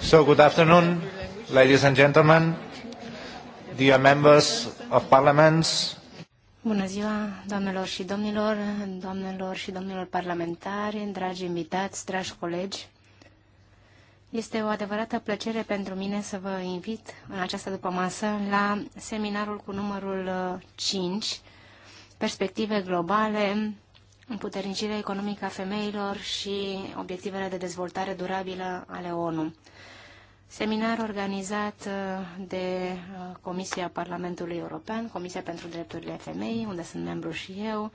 So good afternoon, ladies and gentlemen, dear members of parliaments. Bună ziua, doamnelor și domnilor, doamnelor și domnilor parlamentari, dragi invitați, dragi colegi. Este o adevărată plăcere pentru mine să vă invit în această dupămasă la seminarul cu numărul 5, uh, Perspective globale împuternicirea economică a femeilor și obiectivele de dezvoltare durabilă ale ONU. Seminar organizat uh, de uh, Comisia Parlamentului European, Comisia pentru Drepturile Femei, unde sunt membru și eu,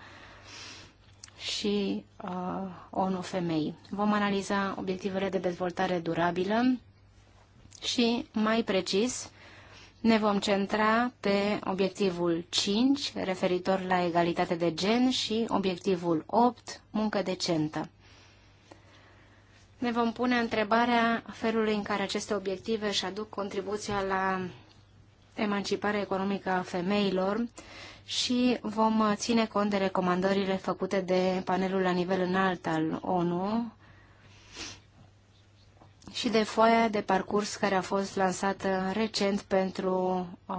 și uh, ONU Femei. Vom analiza obiectivele de dezvoltare durabilă și, mai precis, ne vom centra pe obiectivul 5, referitor la egalitate de gen, și obiectivul 8, muncă decentă. Ne vom pune întrebarea felului în care aceste obiective își aduc contribuția la emanciparea economică a femeilor și vom ține cont de recomandările făcute de panelul la nivel înalt al ONU și de foaia de parcurs care a fost lansată recent pentru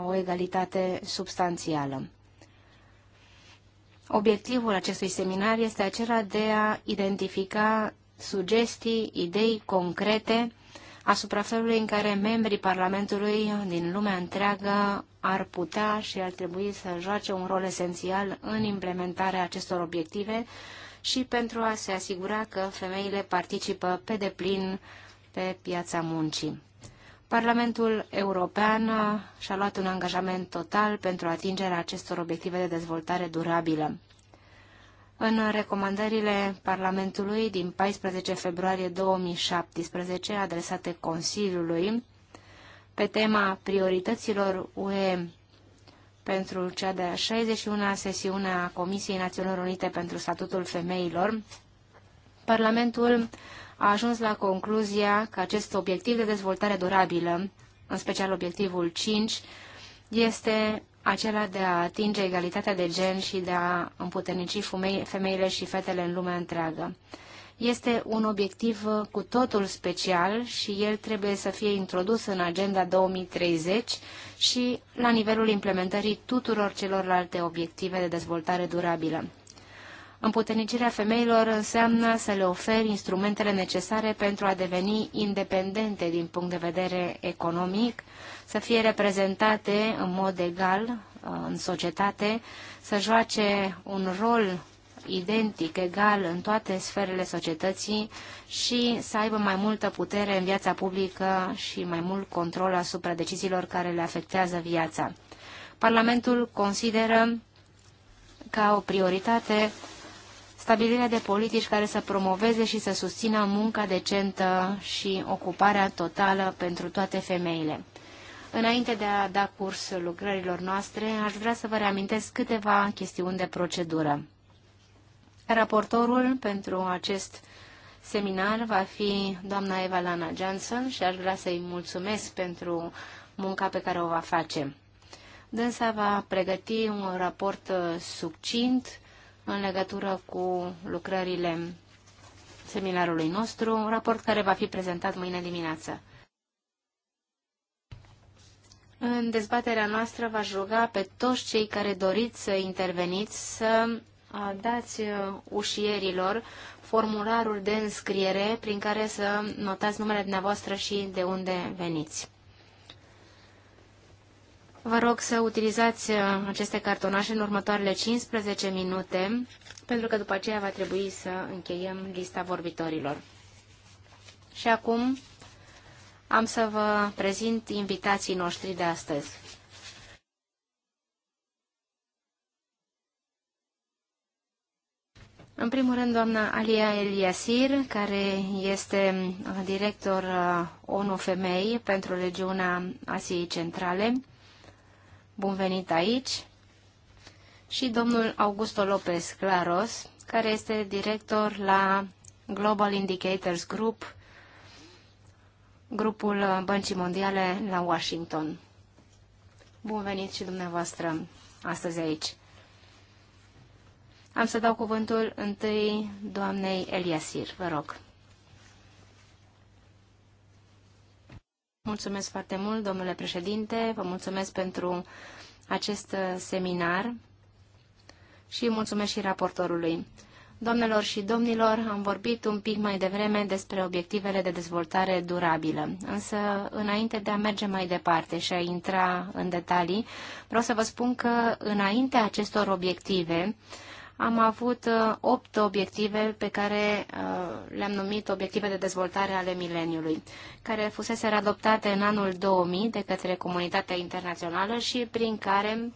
o egalitate substanțială. Obiectivul acestui seminar este acela de a identifica sugestii, idei concrete asupra felului în care membrii Parlamentului din lumea întreagă ar putea și ar trebui să joace un rol esențial în implementarea acestor obiective și pentru a se asigura că femeile participă pe deplin pe piața muncii. Parlamentul European și-a luat un angajament total pentru atingerea acestor obiective de dezvoltare durabilă. În recomandările Parlamentului din 14 februarie 2017 adresate Consiliului pe tema priorităților UE pentru cea de-a 61-a sesiune a Comisiei Națiunilor Unite pentru Statutul Femeilor, Parlamentul a ajuns la concluzia că acest obiectiv de dezvoltare durabilă, în special obiectivul 5, este acela de a atinge egalitatea de gen și de a împuternici femeile și fetele în lumea întreagă. Este un obiectiv cu totul special și el trebuie să fie introdus în Agenda 2030 și la nivelul implementării tuturor celorlalte obiective de dezvoltare durabilă. Împuternicirea femeilor înseamnă să le oferi instrumentele necesare pentru a deveni independente din punct de vedere economic, să fie reprezentate în mod egal uh, în societate, să joace un rol identic, egal în toate sferele societății și să aibă mai multă putere în viața publică și mai mult control asupra deciziilor care le afectează viața. Parlamentul consideră ca o prioritate stabilirea de politici care să promoveze și să susțină munca decentă și ocuparea totală pentru toate femeile. Înainte de a da curs lucrărilor noastre, aș vrea să vă reamintesc câteva chestiuni de procedură. Raportorul pentru acest seminar va fi doamna Eva Lana Johnson și aș vrea să-i mulțumesc pentru munca pe care o va face. Dânsa va pregăti un raport succint în legătură cu lucrările seminarului nostru, un raport care va fi prezentat mâine dimineață. În dezbaterea noastră v-aș ruga pe toți cei care doriți să interveniți să dați ușierilor formularul de înscriere prin care să notați numele dumneavoastră și de unde veniți. Vă rog să utilizați uh, aceste cartonașe în următoarele 15 minute, pentru că după aceea va trebui să încheiem lista vorbitorilor. Și acum am să vă prezint invitații noștri de astăzi. În primul rând, doamna Alia Eliasir, care este uh, director uh, ONU Femei pentru regiunea Asiei Centrale, bun venit aici, și domnul Augusto López Claros, care este director la Global Indicators Group, grupul Băncii Mondiale la Washington. Bun venit și dumneavoastră astăzi aici. Am să dau cuvântul întâi doamnei Eliasir, vă rog. Mulțumesc foarte mult, domnule președinte, vă mulțumesc pentru acest seminar și mulțumesc și raportorului. Domnilor și domnilor, am vorbit un pic mai devreme despre obiectivele de dezvoltare durabilă, însă înainte de a merge mai departe și a intra în detalii, vreau să vă spun că înainte acestor obiective, am avut uh, opt obiective pe care uh, le-am numit obiective de dezvoltare ale mileniului, care fusese adoptate în anul 2000 de către comunitatea internațională și prin care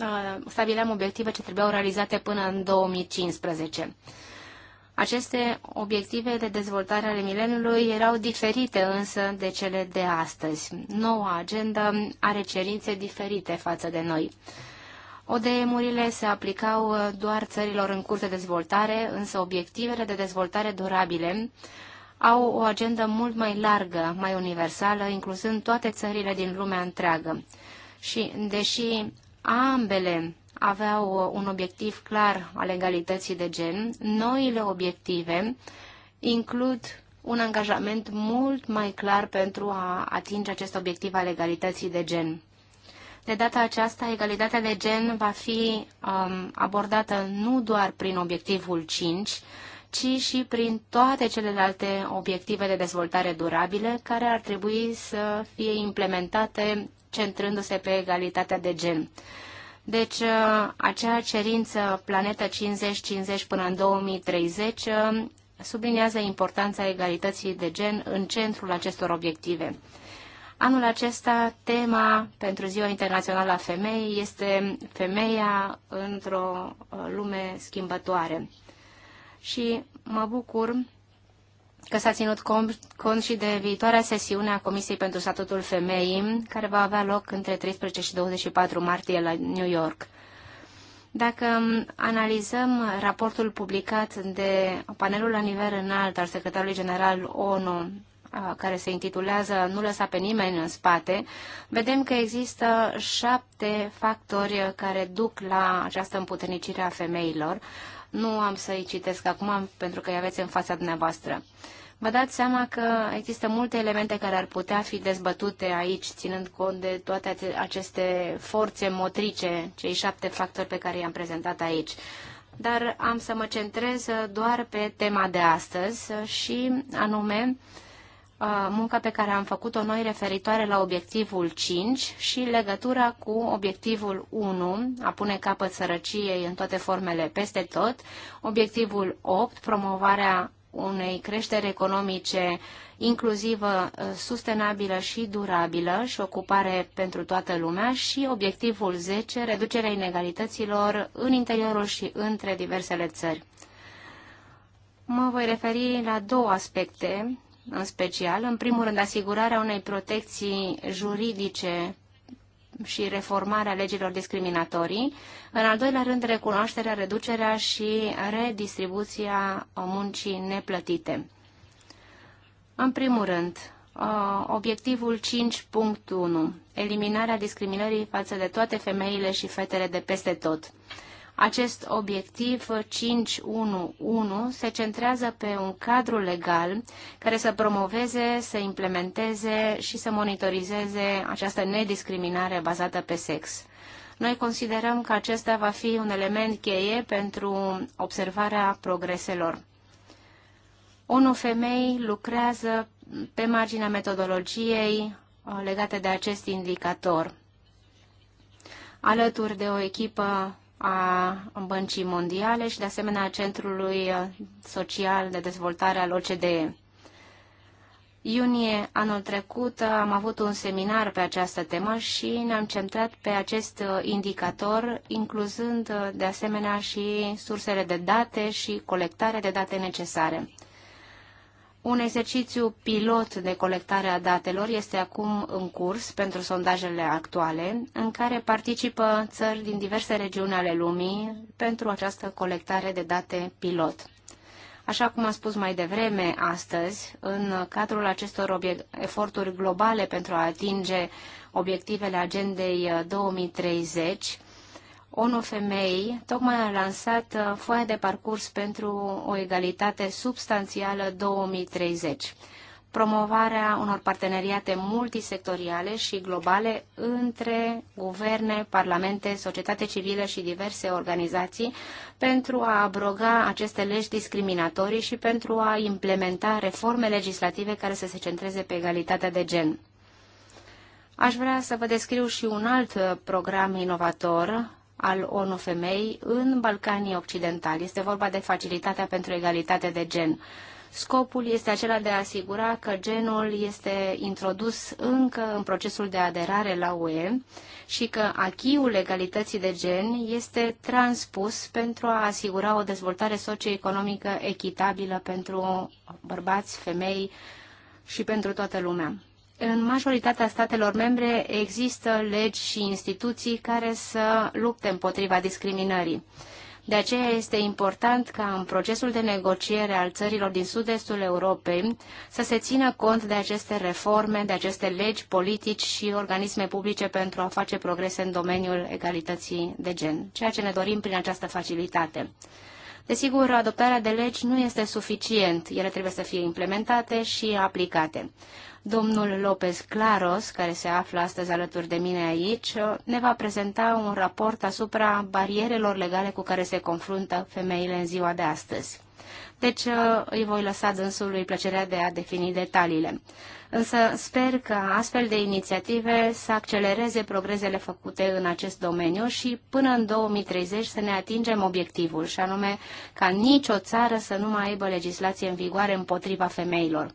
uh, stabileam obiective ce trebuiau realizate până în 2015. Aceste obiective de dezvoltare ale mileniului erau diferite însă de cele de astăzi. Noua agenda are cerințe diferite față de noi. ODM-urile se aplicau uh, doar țărilor în curs de dezvoltare, însă obiectivele de dezvoltare durabile au o agendă mult mai largă, mai universală, incluzând toate țările din lumea întreagă. Și deși ambele aveau uh, un obiectiv clar al egalității de gen, noile obiective includ un angajament mult mai clar pentru a atinge acest obiectiv al egalității de gen. De data aceasta, egalitatea de gen va fi um, abordată nu doar prin obiectivul 5, ci și prin toate celelalte obiective de dezvoltare durabile care ar trebui să fie implementate centrându-se pe egalitatea de gen. Deci, uh, acea cerință Planeta 50-50 până în 2030 uh, subliniază importanța egalității de gen în centrul acestor obiective. Anul acesta, tema pentru Ziua Internațională a Femeii este Femeia într-o uh, lume schimbătoare. Și mă bucur că s-a ținut cont și de viitoarea sesiune a Comisiei pentru Statutul Femeii, care va avea loc între 13 și 24 martie la New York. Dacă analizăm raportul publicat de panelul la nivel înalt al secretarului general ONU care se intitulează Nu lăsa pe nimeni în spate, vedem că există șapte factori care duc la această împuternicire a femeilor. Nu am să-i citesc acum pentru că îi aveți în fața dumneavoastră. Vă dați seama că există multe elemente care ar putea fi dezbătute aici, ținând cont de toate aceste forțe motrice, cei șapte factori pe care i-am prezentat aici dar am să mă centrez doar pe tema de astăzi și anume munca pe care am făcut-o noi referitoare la obiectivul 5 și legătura cu obiectivul 1, a pune capăt sărăciei în toate formele peste tot, obiectivul 8, promovarea unei creșteri economice inclusivă, ă, sustenabilă și durabilă și ocupare pentru toată lumea și obiectivul 10, reducerea inegalităților în interiorul și între diversele țări. Mă voi referi la două aspecte în special. În primul rând, asigurarea unei protecții juridice și reformarea legilor discriminatorii. În al doilea rând, recunoașterea, reducerea și redistribuția muncii neplătite. În primul rând, uh, obiectivul 5.1, eliminarea discriminării față de toate femeile și fetele de peste tot. Acest obiectiv 5.1.1 se centrează pe un cadru legal care să promoveze, să implementeze și să monitorizeze această nediscriminare bazată pe sex. Noi considerăm că acesta va fi un element cheie pentru observarea progreselor. ONU Femei lucrează pe marginea metodologiei uh, legate de acest indicator, alături de o echipă a Băncii Mondiale și de asemenea a Centrului Social de Dezvoltare al OCDE. Iunie anul trecut am avut un seminar pe această temă și ne-am centrat pe acest indicator, incluzând de asemenea și sursele de date și colectarea de date necesare. Un exercițiu pilot de colectare a datelor este acum în curs pentru sondajele actuale, în care participă țări din diverse regiuni ale lumii pentru această colectare de date pilot. Așa cum am spus mai devreme astăzi, în cadrul acestor eforturi globale pentru a atinge obiectivele agendei 2030, uh, ONU Femei tocmai a lansat uh, foaia de parcurs pentru o egalitate substanțială 2030 promovarea unor parteneriate multisectoriale și globale între guverne, parlamente, societate civilă și diverse organizații pentru a abroga aceste legi discriminatorii și pentru a implementa reforme legislative care să se centreze pe egalitatea de gen. Aș vrea să vă descriu și un alt uh, program inovator al ONU Femei în Balcanii Occidentali. Este vorba de facilitatea pentru egalitate de gen. Scopul este acela de a asigura că genul este introdus încă în procesul de aderare la UE și că achiul egalității de gen este transpus pentru a asigura o dezvoltare socioeconomică echitabilă pentru bărbați, femei și pentru toată lumea în majoritatea statelor membre există legi și instituții care să lupte împotriva discriminării. De aceea este important ca în procesul de negociere al țărilor din sud-estul Europei să se țină cont de aceste reforme, de aceste legi, politici și organisme publice pentru a face progrese în domeniul egalității de gen, ceea ce ne dorim prin această facilitate. Desigur, adoptarea de legi nu este suficient, ele trebuie să fie implementate și aplicate. Domnul Lopez Claros, care se află astăzi alături de mine aici, ne va prezenta un raport asupra barierelor legale cu care se confruntă femeile în ziua de astăzi. Deci uh, îi voi lăsa dânsului plăcerea de a defini detaliile. Însă sper că astfel de inițiative să accelereze progresele făcute în acest domeniu și până în 2030 să ne atingem obiectivul, și anume ca nicio țară să nu mai aibă legislație în vigoare împotriva femeilor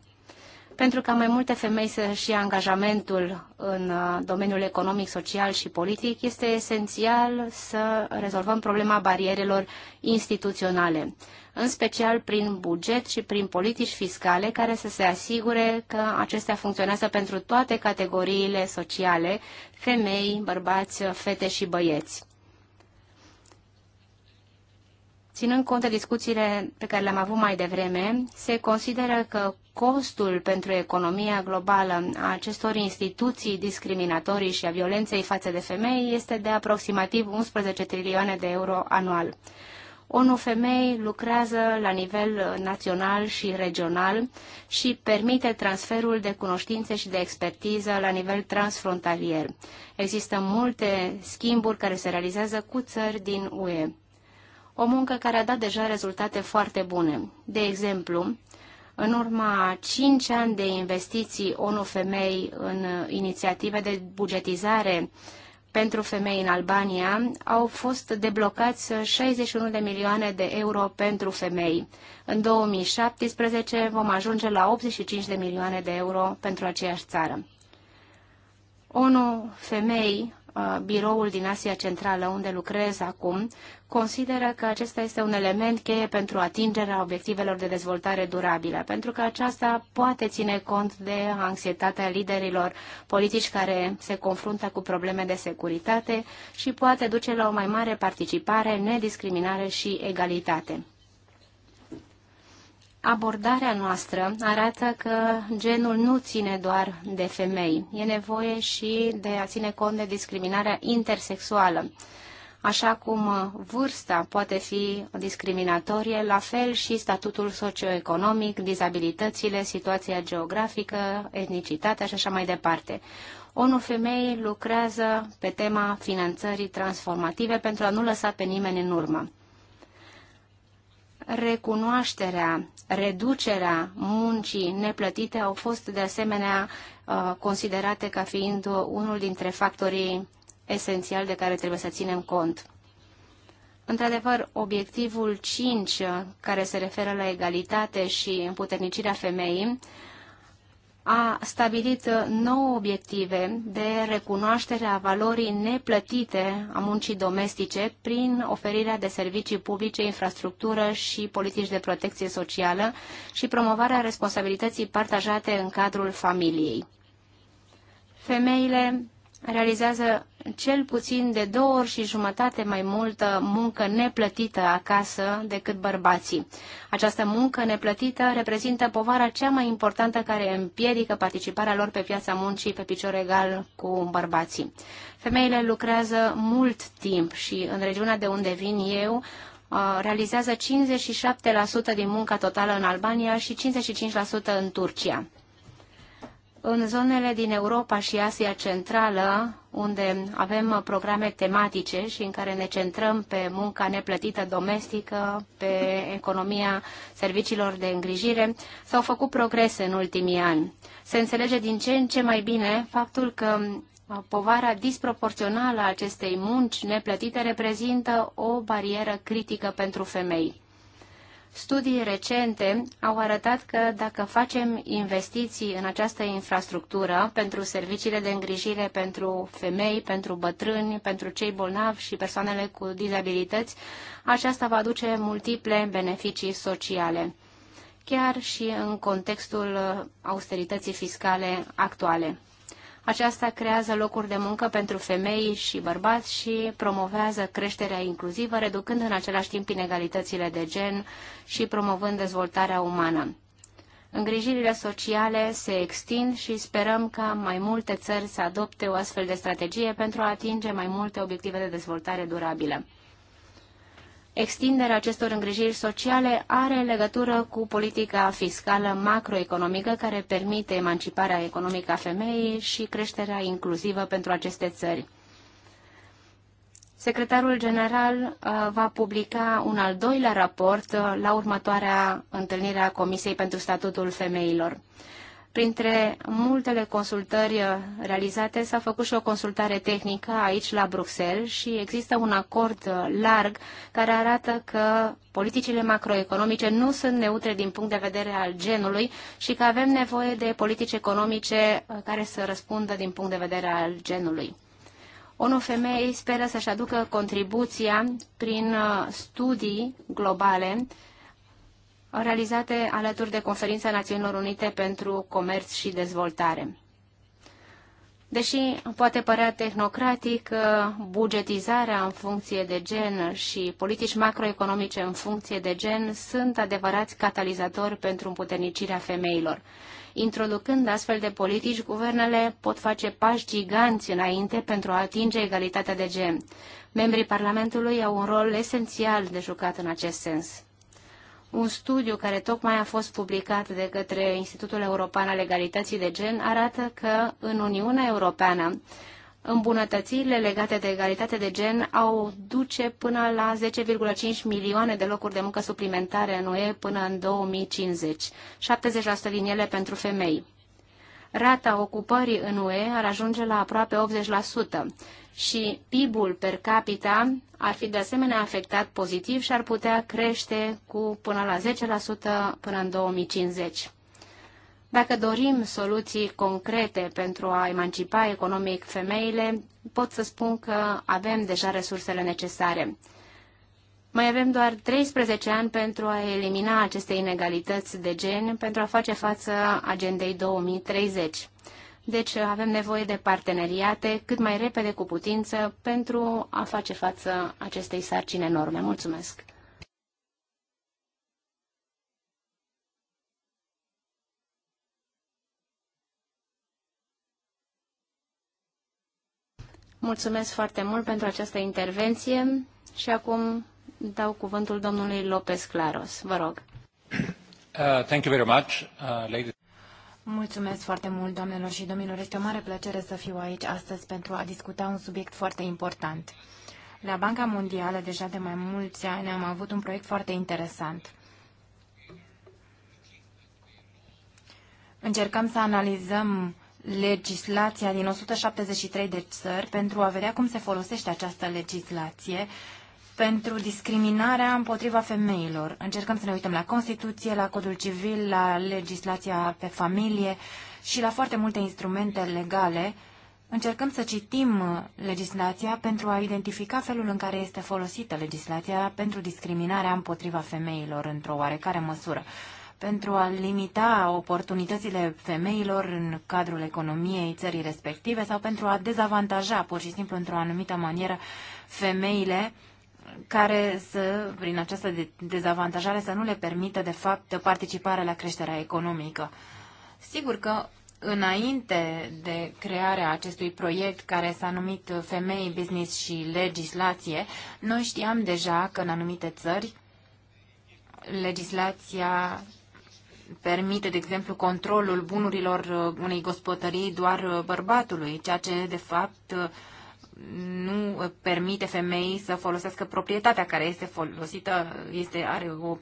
pentru ca mai multe femei să-și ia angajamentul în uh, domeniul economic, social și politic, este esențial să rezolvăm problema barierelor instituționale, în special prin buget și prin politici fiscale care să se asigure că acestea funcționează pentru toate categoriile sociale, femei, bărbați, fete și băieți. Ținând cont de discuțiile pe care le-am avut mai devreme, se consideră că costul pentru economia globală a acestor instituții discriminatorii și a violenței față de femei este de aproximativ 11 trilioane de euro anual. ONU Femei lucrează la nivel național și regional și permite transferul de cunoștințe și de expertiză la nivel transfrontalier. Există multe schimburi care se realizează cu țări din UE. O muncă care a dat deja rezultate foarte bune. De exemplu, în urma 5 ani de investiții ONU Femei în inițiative de bugetizare pentru femei în Albania, au fost deblocați 61 de milioane de euro pentru femei. În 2017 vom ajunge la 85 de milioane de euro pentru aceeași țară. ONU Femei biroul din Asia Centrală, unde lucrez acum, consideră că acesta este un element cheie pentru atingerea obiectivelor de dezvoltare durabilă, pentru că aceasta poate ține cont de anxietatea liderilor politici care se confruntă cu probleme de securitate și poate duce la o mai mare participare, nediscriminare și egalitate abordarea noastră arată că genul nu ține doar de femei. E nevoie și de a ține cont de discriminarea intersexuală. Așa cum vârsta poate fi discriminatorie, la fel și statutul socioeconomic, dizabilitățile, situația geografică, etnicitatea și așa mai departe. ONU Femei lucrează pe tema finanțării transformative pentru a nu lăsa pe nimeni în urmă recunoașterea, reducerea muncii neplătite au fost de asemenea uh, considerate ca fiind unul dintre factorii esențiali de care trebuie să ținem cont. Într-adevăr, obiectivul 5, uh, care se referă la egalitate și împuternicirea femeii, a stabilit uh, nouă obiective de recunoaștere a valorii neplătite a muncii domestice prin oferirea de servicii publice, infrastructură și politici de protecție socială și promovarea responsabilității partajate în cadrul familiei. Femeile realizează cel puțin de două ori și jumătate mai multă muncă neplătită acasă decât bărbații. Această muncă neplătită reprezintă povara cea mai importantă care împiedică participarea lor pe piața muncii pe picior egal cu bărbații. Femeile lucrează mult timp și în regiunea de unde vin eu, uh, realizează 57% din munca totală în Albania și 55% în Turcia. În zonele din Europa și Asia Centrală, unde avem programe tematice și în care ne centrăm pe munca neplătită domestică, pe economia serviciilor de îngrijire, s-au făcut progrese în ultimii ani. Se înțelege din ce în ce mai bine faptul că uh, povara disproporțională a acestei munci neplătite reprezintă o barieră critică pentru femei. Studii recente au arătat că dacă facem investiții în această infrastructură pentru serviciile de îngrijire pentru femei, pentru bătrâni, pentru cei bolnavi și persoanele cu dizabilități, aceasta va aduce multiple beneficii sociale, chiar și în contextul austerității fiscale actuale. Aceasta creează locuri de muncă pentru femei și bărbați și promovează creșterea inclusivă, reducând în același timp inegalitățile de gen și promovând dezvoltarea umană. Îngrijirile sociale se extind și sperăm ca mai multe țări să adopte o astfel de strategie pentru a atinge mai multe obiective de dezvoltare durabilă extinderea acestor îngrijiri sociale are legătură cu politica fiscală macroeconomică care permite emanciparea economică a femeii și creșterea inclusivă pentru aceste țări. Secretarul general uh, va publica un al doilea raport uh, la următoarea întâlnire a Comisiei pentru Statutul Femeilor. Printre multele consultări uh, realizate s-a făcut și o consultare tehnică aici la Bruxelles și există un acord uh, larg care arată că politicile macroeconomice nu sunt neutre din punct de vedere al genului și că avem nevoie de politici economice uh, care să răspundă din punct de vedere al genului. ONU Femei speră să-și aducă contribuția prin studii globale realizate alături de Conferința Națiunilor Unite pentru Comerț și Dezvoltare. Deși poate părea tehnocratic, bugetizarea în funcție de gen și politici macroeconomice în funcție de gen sunt adevărați catalizatori pentru împuternicirea femeilor. Introducând astfel de politici, guvernele pot face pași giganți înainte pentru a atinge egalitatea de gen. Membrii Parlamentului au un rol esențial de jucat în acest sens. Un studiu care tocmai a fost publicat de către Institutul European al Legalității de Gen arată că în Uniunea Europeană îmbunătățirile legate de egalitate de gen au duce până la 10,5 milioane de locuri de muncă suplimentare în UE până în 2050, 70% din ele pentru femei rata ocupării în UE ar ajunge la aproape 80% și PIB-ul per capita ar fi de asemenea afectat pozitiv și ar putea crește cu până la 10% până în 2050. Dacă dorim soluții concrete pentru a emancipa economic femeile, pot să spun că avem deja resursele necesare. Mai avem doar 13 ani pentru a elimina aceste inegalități de gen, pentru a face față agendei 2030. Deci avem nevoie de parteneriate cât mai repede cu putință pentru a face față acestei sarcini enorme. Mulțumesc! Mulțumesc foarte mult pentru această intervenție și acum dau cuvântul domnului Lopez Claros. Vă rog. Uh, thank you very much, uh, ladies. Mulțumesc foarte mult, doamnelor și domnilor. Este o mare plăcere să fiu aici astăzi pentru a discuta un subiect foarte important. La Banca Mondială, deja de mai mulți ani, am avut un proiect foarte interesant. Încercăm să analizăm legislația din 173 de țări pentru a vedea cum se folosește această legislație pentru discriminarea împotriva femeilor. Încercăm să ne uităm la Constituție, la Codul Civil, la legislația pe familie și la foarte multe instrumente legale. Încercăm să citim legislația pentru a identifica felul în care este folosită legislația pentru discriminarea împotriva femeilor într-o oarecare măsură pentru a limita oportunitățile femeilor în cadrul economiei țării respective sau pentru a dezavantaja pur și simplu într-o anumită manieră femeile care să, prin această dezavantajare să nu le permită, de fapt, participarea la creșterea economică. Sigur că înainte de crearea acestui proiect care s-a numit Femei, Business și Legislație, noi știam deja că în anumite țări legislația permite, de exemplu, controlul bunurilor uh, unei gospodării doar uh, bărbatului, ceea ce, de fapt, uh, nu permite femeii să folosească proprietatea care este folosită, este, are o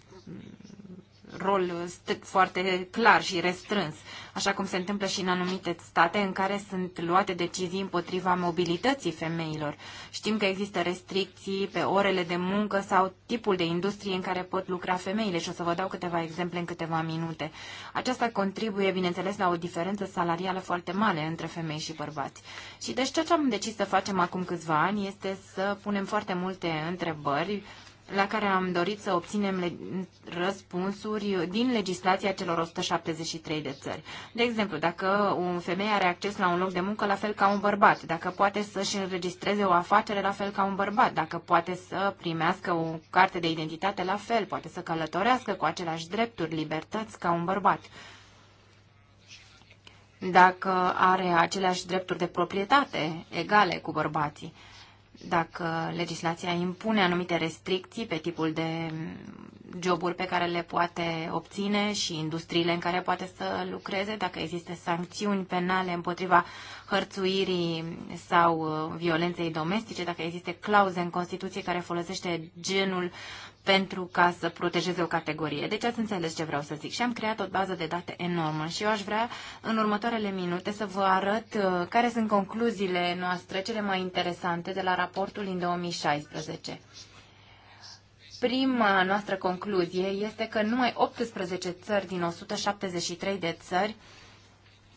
rol foarte clar și restrâns, așa cum se întâmplă și în anumite state în care sunt luate decizii împotriva mobilității femeilor. Știm că există restricții pe orele de muncă sau tipul de industrie în care pot lucra femeile și o să vă dau câteva exemple în câteva minute. Aceasta contribuie, bineînțeles, la o diferență salarială foarte mare între femei și bărbați. Și deci ceea ce am decis să facem acum câțiva ani este să punem foarte multe întrebări la care am dorit să obținem răspunsuri din legislația celor 173 de țări. De exemplu, dacă o femeie are acces la un loc de muncă la fel ca un bărbat, dacă poate să-și înregistreze o afacere la fel ca un bărbat, dacă poate să primească o carte de identitate la fel, poate să călătorească cu aceleași drepturi, libertăți ca un bărbat dacă are aceleași drepturi de proprietate egale cu bărbații dacă legislația impune anumite restricții pe tipul de joburi pe care le poate obține și industriile în care poate să lucreze, dacă există sancțiuni penale împotriva hărțuirii sau uh, violenței domestice, dacă există clauze în Constituție care folosește genul pentru ca să protejeze o categorie. Deci ați înțeles ce vreau să zic. Și am creat o bază de date enormă și eu aș vrea în următoarele minute să vă arăt uh, care sunt concluziile noastre cele mai interesante de la raportul din 2016. Prima noastră concluzie este că numai 18 țări din 173 de țări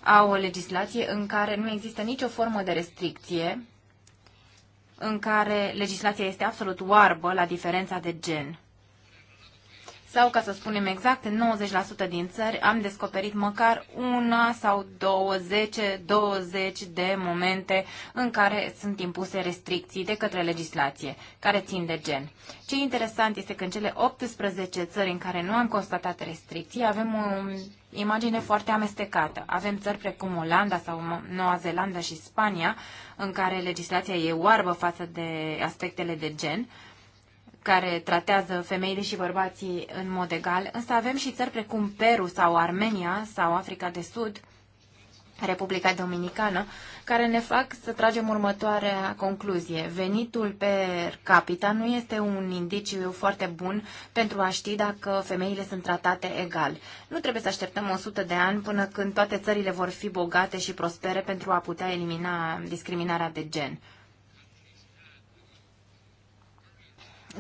au o legislație în care nu există nicio formă de restricție în care legislația este absolut oarbă la diferența de gen sau, ca să spunem exact, în 90% din țări am descoperit măcar una sau 20 20 de momente în care sunt impuse restricții de către legislație care țin de gen. Ce interesant este că în cele 18 țări în care nu am constatat restricții avem o imagine foarte amestecată. Avem țări precum Olanda sau Noua Zeelandă și Spania în care legislația e oarbă față de aspectele de gen, care tratează femeile și bărbații în mod egal, însă avem și țări precum Peru sau Armenia sau Africa de Sud, Republica Dominicană, care ne fac să tragem următoarea concluzie. Venitul per capita nu este un indiciu foarte bun pentru a ști dacă femeile sunt tratate egal. Nu trebuie să așteptăm 100 de ani până când toate țările vor fi bogate și prospere pentru a putea elimina discriminarea de gen.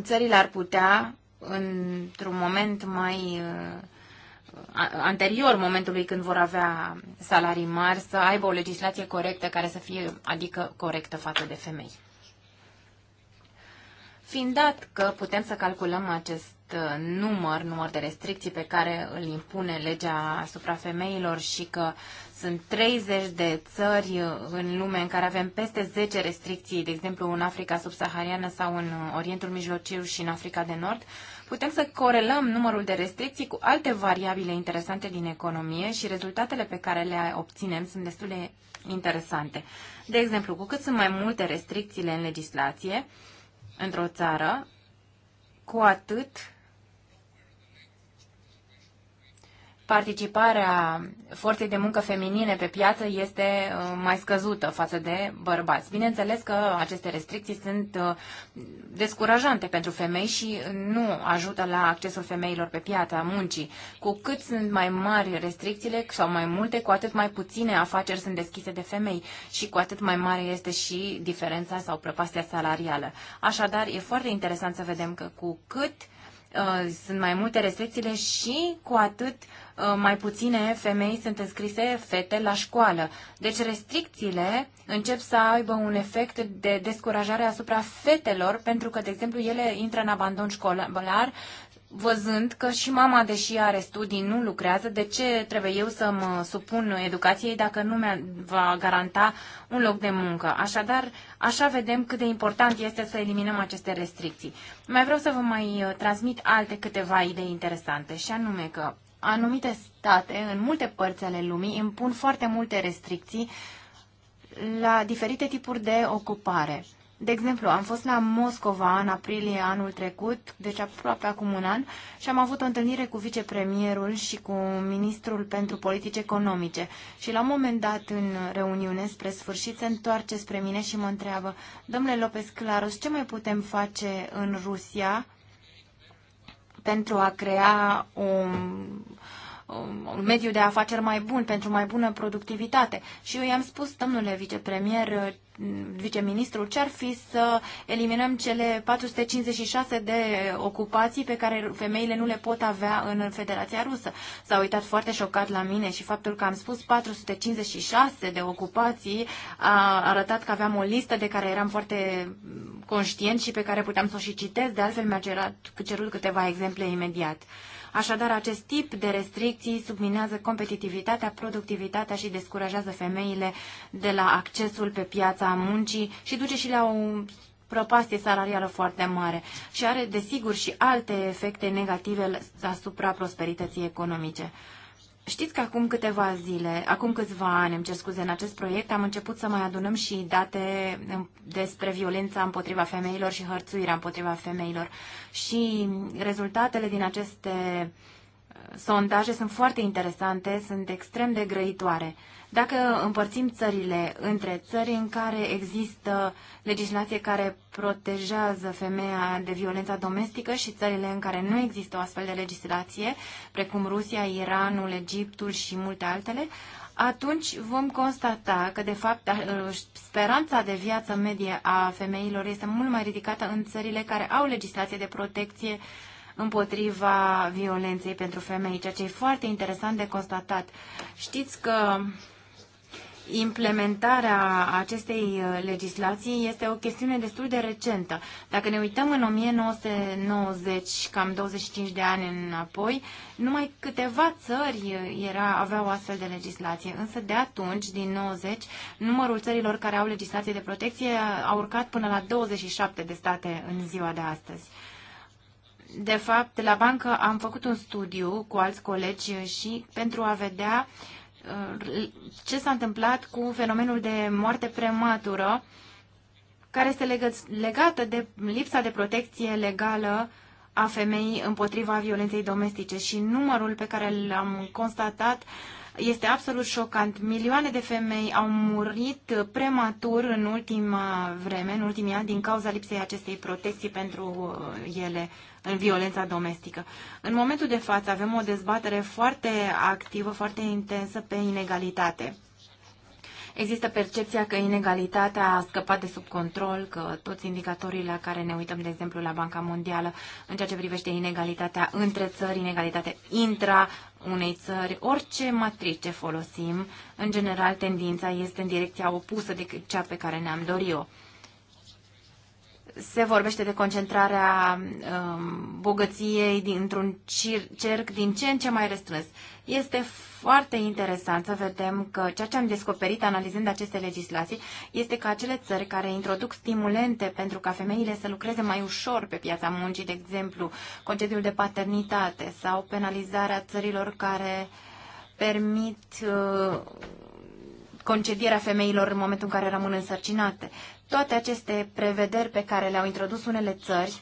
țările ar putea, într-un moment mai uh, anterior momentului când vor avea salarii mari, să aibă o legislație corectă care să fie, adică, corectă față de femei. Fiind dat că putem să calculăm acest uh, număr, număr de restricții pe care îl impune legea asupra femeilor și că sunt 30 de țări uh, în lume în care avem peste 10 restricții, de exemplu în Africa subsahariană sau în uh, Orientul Mijlociu și în Africa de Nord. Putem să corelăm numărul de restricții cu alte variabile interesante din economie și rezultatele pe care le obținem sunt destul de interesante. De exemplu, cu cât sunt mai multe restricțiile în legislație într-o țară, cu atât participarea forței de muncă feminine pe piață este uh, mai scăzută față de bărbați. Bineînțeles că aceste restricții sunt uh, descurajante pentru femei și nu ajută la accesul femeilor pe piața muncii. Cu cât sunt mai mari restricțiile sau mai multe, cu atât mai puține afaceri sunt deschise de femei și cu atât mai mare este și diferența sau prăpastia salarială. Așadar, e foarte interesant să vedem că cu cât Uh, sunt mai multe restricțiile și cu atât uh, mai puține femei sunt înscrise fete la școală. Deci restricțiile încep să aibă un efect de descurajare asupra fetelor pentru că, de exemplu, ele intră în abandon școlar văzând că și mama, deși are studii, nu lucrează, de ce trebuie eu să mă supun educației dacă nu mi va garanta un loc de muncă? Așadar, așa vedem cât de important este să eliminăm aceste restricții. Mai vreau să vă mai uh, transmit alte câteva idei interesante, și anume că anumite state, în multe părți ale lumii, impun foarte multe restricții la diferite tipuri de ocupare. De exemplu, am fost la Moscova în aprilie anul trecut, deci aproape acum un an, și am avut o întâlnire cu vicepremierul și cu ministrul pentru politici economice. Și la un moment dat în reuniune, spre sfârșit, se întoarce spre mine și mă întreabă, domnule Lopez Claros, ce mai putem face în Rusia pentru a crea un, Um, un mediu de afaceri mai bun, pentru mai bună productivitate. Și eu i-am spus, domnule vicepremier, uh, viceministrul, ce ar fi să eliminăm cele 456 de ocupații pe care femeile nu le pot avea în Federația Rusă. S-a uitat foarte șocat la mine și faptul că am spus 456 de ocupații a arătat că aveam o listă de care eram foarte conștient și pe care puteam să o și citesc, de altfel mi-a cerut câteva exemple imediat. Așadar, acest tip de restricții subminează competitivitatea, productivitatea și descurajează femeile de la accesul pe piața muncii și duce și la o propastie salarială foarte mare și are, desigur, și alte efecte negative asupra prosperității economice. Știți că acum câteva zile, acum câțiva ani, îmi cer scuze, în acest proiect am început să mai adunăm și date despre violența împotriva femeilor și hărțuirea împotriva femeilor. Și rezultatele din aceste uh, sondaje sunt foarte interesante, sunt extrem de grăitoare. Dacă împărțim țările între țări în care există legislație care protejează femeia de violența domestică și țările în care nu există o astfel de legislație, precum Rusia, Iranul, Egiptul și multe altele, atunci vom constata că, de fapt, speranța de viață medie a femeilor este mult mai ridicată în țările care au legislație de protecție împotriva violenței pentru femei, ceea ce e foarte interesant de constatat. Știți că implementarea acestei uh, legislații este o chestiune destul de recentă. Dacă ne uităm în 1990, cam 25 de ani înapoi, numai câteva țări uh, era, aveau astfel de legislație, însă de atunci, din 90, numărul țărilor care au legislație de protecție a urcat până la 27 de state în ziua de astăzi. De fapt, la bancă am făcut un studiu cu alți colegi și pentru a vedea uh, ce s-a întâmplat cu fenomenul de moarte prematură, care este legată de lipsa de protecție legală a femeii împotriva violenței domestice și numărul pe care l-am constatat este absolut șocant. Milioane de femei au murit prematur în ultima vreme, în ultimii ani, din cauza lipsei acestei protecții pentru uh, ele în violența domestică. În momentul de față avem o dezbatere foarte activă, foarte intensă pe inegalitate. Există percepția că inegalitatea a scăpat de sub control, că toți indicatorii la care ne uităm, de exemplu, la Banca Mondială, în ceea ce privește inegalitatea între țări, inegalitatea intra unei țări, orice matrice folosim, în general tendința este în direcția opusă decât cea pe care ne-am dorit-o se vorbește de concentrarea um, bogăției dintr-un cerc din ce în ce mai restrâns. Este foarte interesant să vedem că ceea ce am descoperit analizând aceste legislații este că acele țări care introduc stimulente pentru ca femeile să lucreze mai ușor pe piața muncii, de exemplu, concediul de paternitate sau penalizarea țărilor care permit uh, concedierea femeilor în momentul în care rămân însărcinate. Toate aceste prevederi pe care le-au introdus unele țări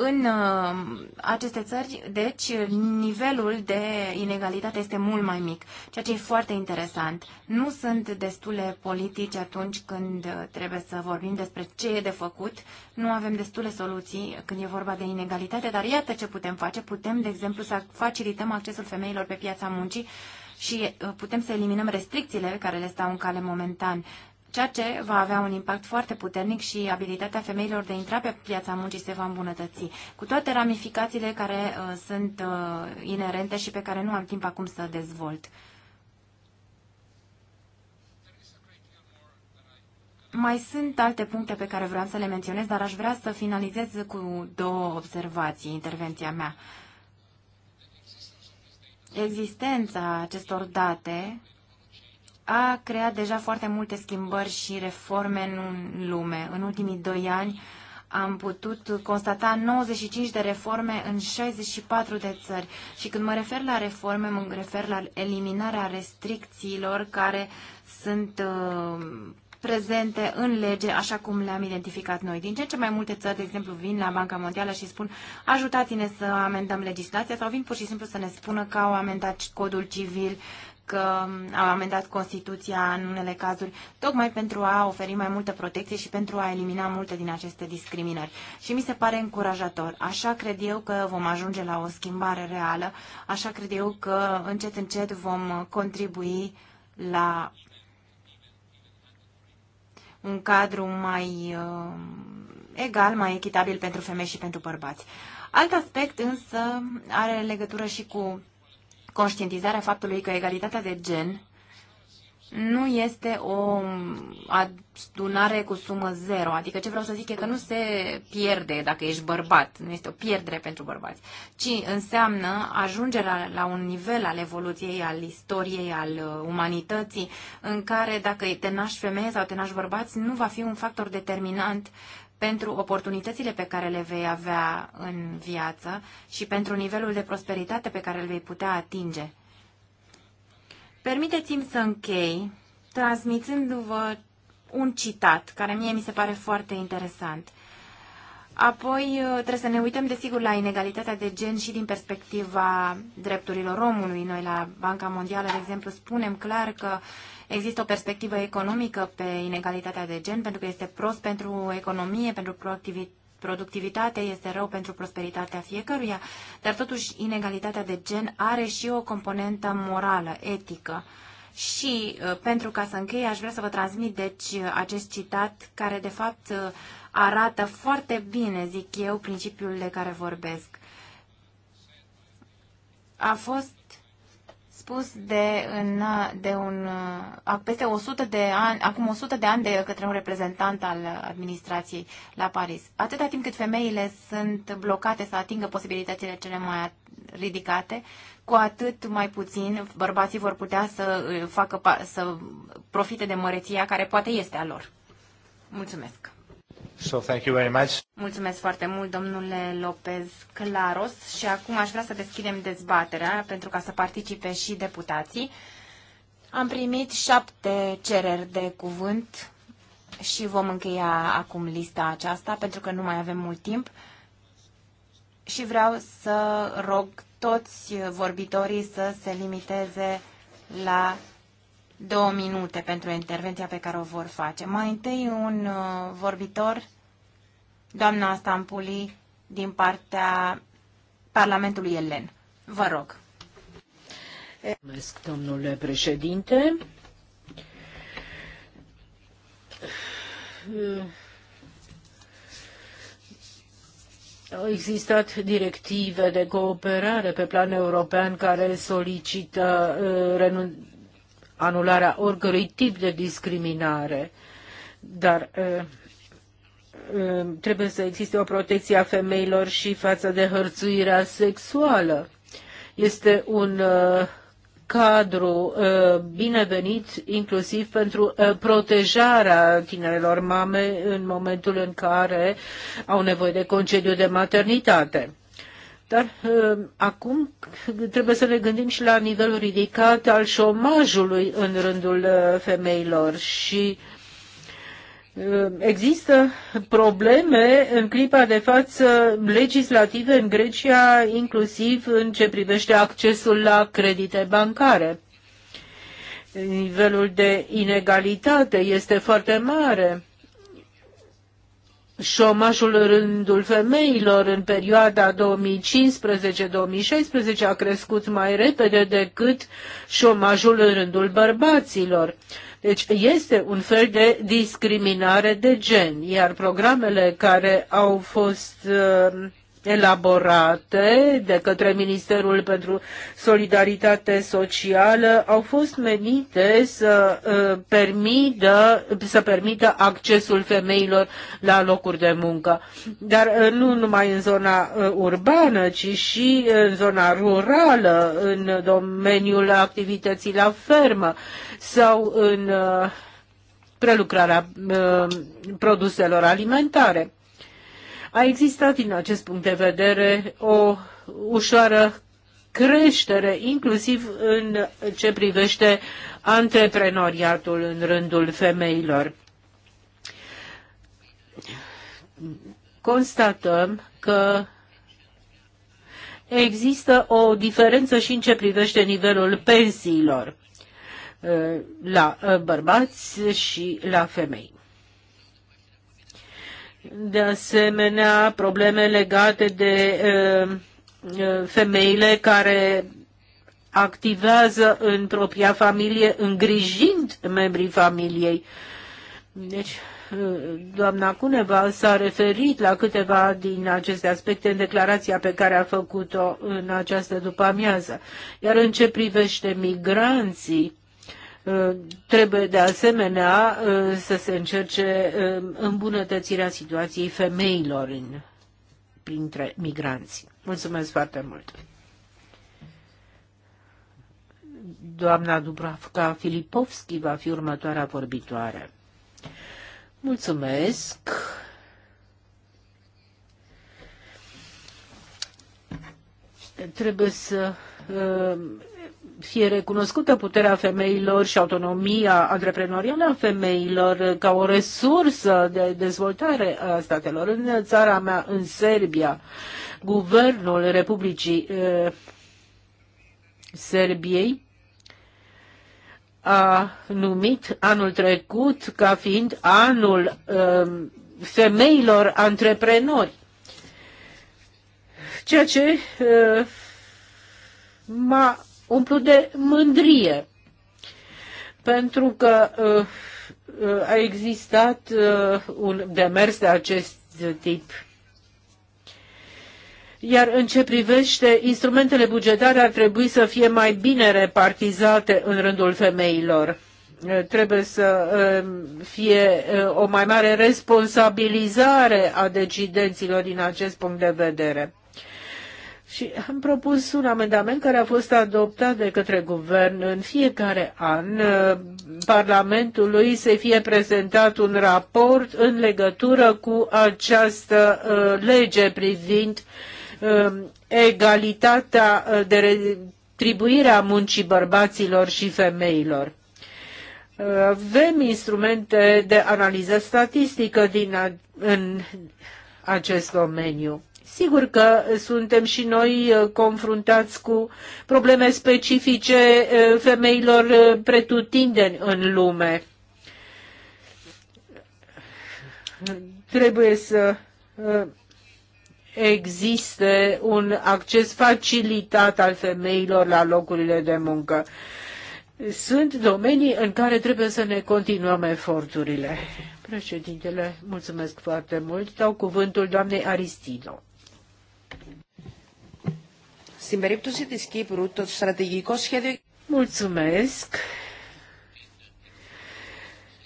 în uh, aceste țări, deci, nivelul de inegalitate este mult mai mic, ceea ce e foarte interesant. Nu sunt destule politici atunci când uh, trebuie să vorbim despre ce e de făcut, nu avem destule soluții când e vorba de inegalitate, dar iată ce putem face. Putem, de exemplu, să facilităm accesul femeilor pe piața muncii și uh, putem să eliminăm restricțiile care le stau în cale momentan ceea ce va avea un impact foarte puternic și abilitatea femeilor de a intra pe piața muncii se va îmbunătăți, cu toate ramificațiile care uh, sunt uh, inerente și pe care nu am timp acum să dezvolt. Mai sunt alte puncte pe care vreau să le menționez, dar aș vrea să finalizez cu două observații intervenția mea. Existența acestor date a creat deja foarte multe schimbări și reforme în lume. În ultimii doi ani am putut constata 95 de reforme în 64 de țări. Și când mă refer la reforme, mă refer la eliminarea restricțiilor care sunt uh, prezente în lege, așa cum le-am identificat noi. Din ce în ce mai multe țări, de exemplu, vin la Banca Mondială și spun ajutați-ne să amendăm legislația sau vin pur și simplu să ne spună că au amendat codul civil, că au amendat Constituția în unele cazuri, tocmai pentru a oferi mai multă protecție și pentru a elimina multe din aceste discriminări. Și mi se pare încurajator. Așa cred eu că vom ajunge la o schimbare reală, așa cred eu că încet, încet vom contribui la un cadru mai uh, egal, mai echitabil pentru femei și pentru bărbați. Alt aspect însă are legătură și cu conștientizarea faptului că egalitatea de gen nu este o adunare cu sumă zero. Adică ce vreau să zic e că nu se pierde dacă ești bărbat, nu este o pierdere pentru bărbați, ci înseamnă ajungerea la un nivel al evoluției, al istoriei, al uh, umanității, în care dacă te naști femeie sau te naști bărbați, nu va fi un factor determinant pentru oportunitățile pe care le vei avea în viață și pentru nivelul de prosperitate pe care îl vei putea atinge. Permiteți-mi să închei transmițându-vă un citat care mie mi se pare foarte interesant. Apoi uh, trebuie să ne uităm, desigur, la inegalitatea de gen și din perspectiva drepturilor omului. Noi la Banca Mondială, de exemplu, spunem clar că există o perspectivă economică pe inegalitatea de gen, pentru că este prost pentru economie, pentru productivitate, este rău pentru prosperitatea fiecăruia, dar totuși inegalitatea de gen are și o componentă morală, etică. Și uh, pentru ca să închei, aș vrea să vă transmit deci acest citat care de fapt uh, arată foarte bine, zic eu, principiul de care vorbesc. A fost spus de, în, de un, peste 100 de ani, acum 100 de ani de către un reprezentant al administrației la Paris. Atâta timp cât femeile sunt blocate să atingă posibilitățile cele mai ridicate, cu atât mai puțin bărbații vor putea să, facă, să profite de măreția care poate este a lor. Mulțumesc! So, thank you very much. Mulțumesc foarte mult, domnule Lopez Claros. Și acum aș vrea să deschidem dezbaterea pentru ca să participe și deputații. Am primit șapte cereri de cuvânt și vom încheia acum lista aceasta pentru că nu mai avem mult timp. Și vreau să rog toți vorbitorii să se limiteze la două minute pentru intervenția pe care o vor face. Mai întâi un uh, vorbitor, doamna Stampuli, din partea Parlamentului Elen. Vă rog. Mulțumesc, domnule președinte. Au existat directive de cooperare pe plan european care solicită uh, renunțarea anularea oricărui tip de discriminare, dar trebuie să existe o protecție a femeilor și față de hărțuirea sexuală. Este un cadru binevenit inclusiv pentru protejarea tinerelor mame în momentul în care au nevoie de concediu de maternitate. Dar uh, acum trebuie să ne gândim și la nivelul ridicat al șomajului în rândul uh, femeilor și uh, Există probleme în clipa de față legislative în Grecia, inclusiv în ce privește accesul la credite bancare. Nivelul de inegalitate este foarte mare Șomajul în rândul femeilor în perioada 2015-2016 a crescut mai repede decât șomajul în rândul bărbaților. Deci este un fel de discriminare de gen, iar programele care au fost uh, elaborate de către Ministerul pentru Solidaritate Socială au fost menite să uh, permită, să permită accesul femeilor la locuri de muncă. Dar uh, nu numai în zona uh, urbană, ci și în zona rurală, în domeniul activității la fermă sau în prelucrarea produselor alimentare. A existat din acest punct de vedere o ușoară creștere, inclusiv în ce privește antreprenoriatul în rândul femeilor. Constatăm că există o diferență și în ce privește nivelul pensiilor eh, la eh, bărbați și la femei de asemenea probleme legate de femeile care activează în propria familie, îngrijind membrii familiei. Deci, doamna Cuneva s-a referit la câteva din aceste aspecte în declarația pe care a făcut-o în această după-amiază. Iar în ce privește migranții, Uh, trebuie de asemenea uh, să se încerce uh, îmbunătățirea situației femeilor în, printre migranți. Mulțumesc foarte mult! Doamna Dubravka Filipovski va fi următoarea vorbitoare. Mulțumesc! Trebuie să fie recunoscută puterea femeilor și autonomia antreprenorială a femeilor ca o resursă de dezvoltare a statelor. În țara mea, în Serbia, guvernul Republicii eh, Serbiei a numit anul trecut ca fiind anul eh, femeilor antreprenori, ceea ce uh, m-a umplut de mândrie, pentru că uh, uh, a existat uh, un demers de acest tip. Iar în ce privește instrumentele bugetare ar trebui să fie mai bine repartizate în rândul femeilor trebuie să um, fie o mai mare responsabilizare a decidenților din acest punct de vedere. Și am propus un amendament care a fost adoptat de către guvern. În fiecare an, uh, Parlamentului să fie prezentat un raport în legătură cu această uh, lege privind uh, egalitatea de retribuire a muncii bărbaților și femeilor. Avem instrumente de analiză statistică din, în acest domeniu. Sigur că suntem și noi uh, confruntați cu probleme specifice uh, femeilor uh, pretutindeni în lume. Trebuie să existe un acces facilitat al femeilor la locurile de muncă. Sunt domenii în care trebuie să ne continuăm eforturile. Președintele, mulțumesc foarte mult. Dau cuvântul doamnei Aristino. Στην περίπτωση της Κύπρου, το στρατηγικό σχέδιο... Mulțumesc!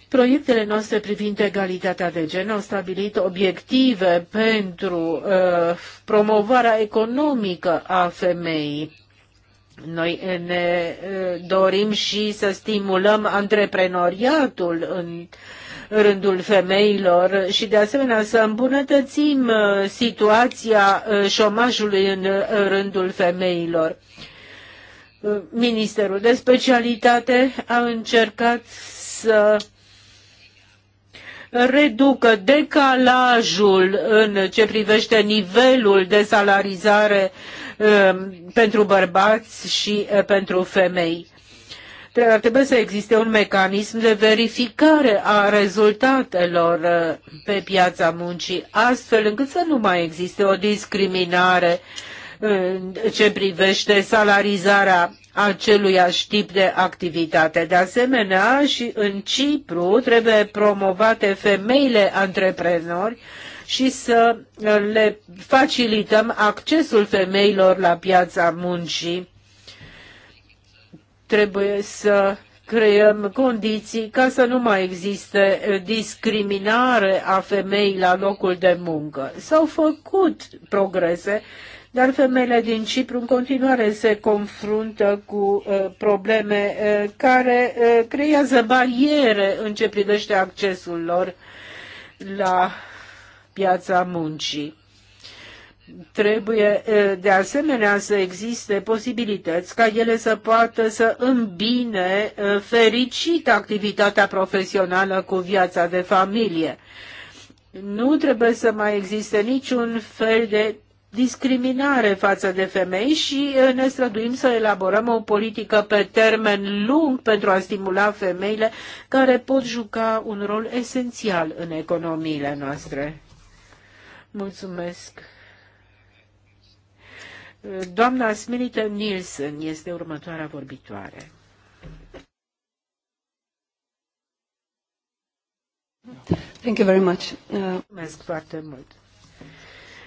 Proiectele noastre privind egalitatea de gen au stabilit obiective pentru uh, promovarea economică a femeii. Noi uh, ne uh, dorim și să stimulăm antreprenoriatul în uh, rândul femeilor și de asemenea să îmbunătățim uh, situația uh, șomajului în uh, rândul femeilor. Ministerul de Specialitate a încercat să reducă decalajul în ce privește nivelul de salarizare pentru bărbați și pentru femei ar trebui să existe un mecanism de verificare a rezultatelor uh, pe piața muncii, astfel încât să nu mai existe o discriminare uh, ce privește salarizarea aceluiași tip de activitate. De asemenea, și în Cipru trebuie promovate femeile antreprenori și să uh, le facilităm accesul femeilor la piața muncii Trebuie să creăm condiții ca să nu mai existe eh, discriminare a femei la locul de muncă. S-au făcut progrese, dar femeile din Cipru în continuare se confruntă cu uh, probleme uh, care uh, creează bariere în ce privește accesul lor la piața muncii. Trebuie de asemenea să existe posibilități ca ele să poată să îmbine fericit activitatea profesională cu viața de familie. Nu trebuie să mai existe niciun fel de discriminare față de femei și ne străduim să elaborăm o politică pe termen lung pentru a stimula femeile care pot juca un rol esențial în economiile noastre. Mulțumesc. Doamna Smilita Nielsen este următoarea vorbitoare. Thank you very much. Uh... Mulțumesc foarte mult.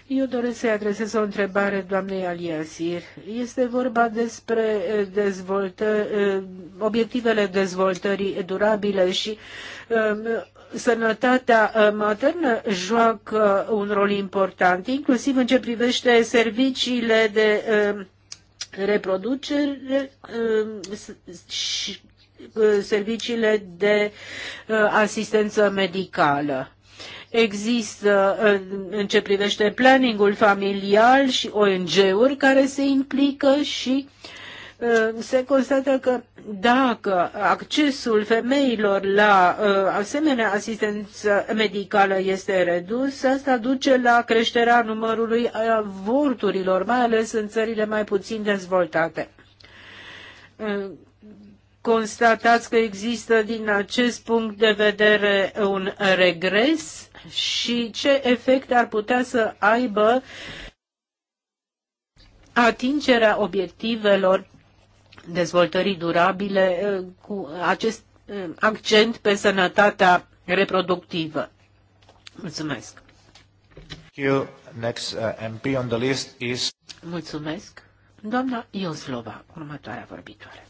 Eu doresc să-i adresez o întrebare doamnei Aliasir. Este vorba despre uh, dezvoltă, uh, obiectivele dezvoltării durabile și um, sănătatea uh, maternă joacă un rol important, inclusiv în ce privește serviciile de uh, reproducere uh, și serviciile de asistență medicală. Există în ce privește planningul familial și ONG-uri care se implică și uh, Uh, se constată că dacă accesul femeilor la uh, asemenea asistență medicală este redus, asta duce la creșterea numărului avorturilor, mai ales în țările mai puțin dezvoltate uh, constatați că există din acest punct de vedere un regres și ce efect ar putea să aibă atingerea obiectivelor dezvoltării durabile eh, cu acest eh, accent pe sănătatea reproductivă. Mulțumesc. Next uh, MP on the list is... Mulțumesc. Doamna Ioslova, următoarea vorbitoare.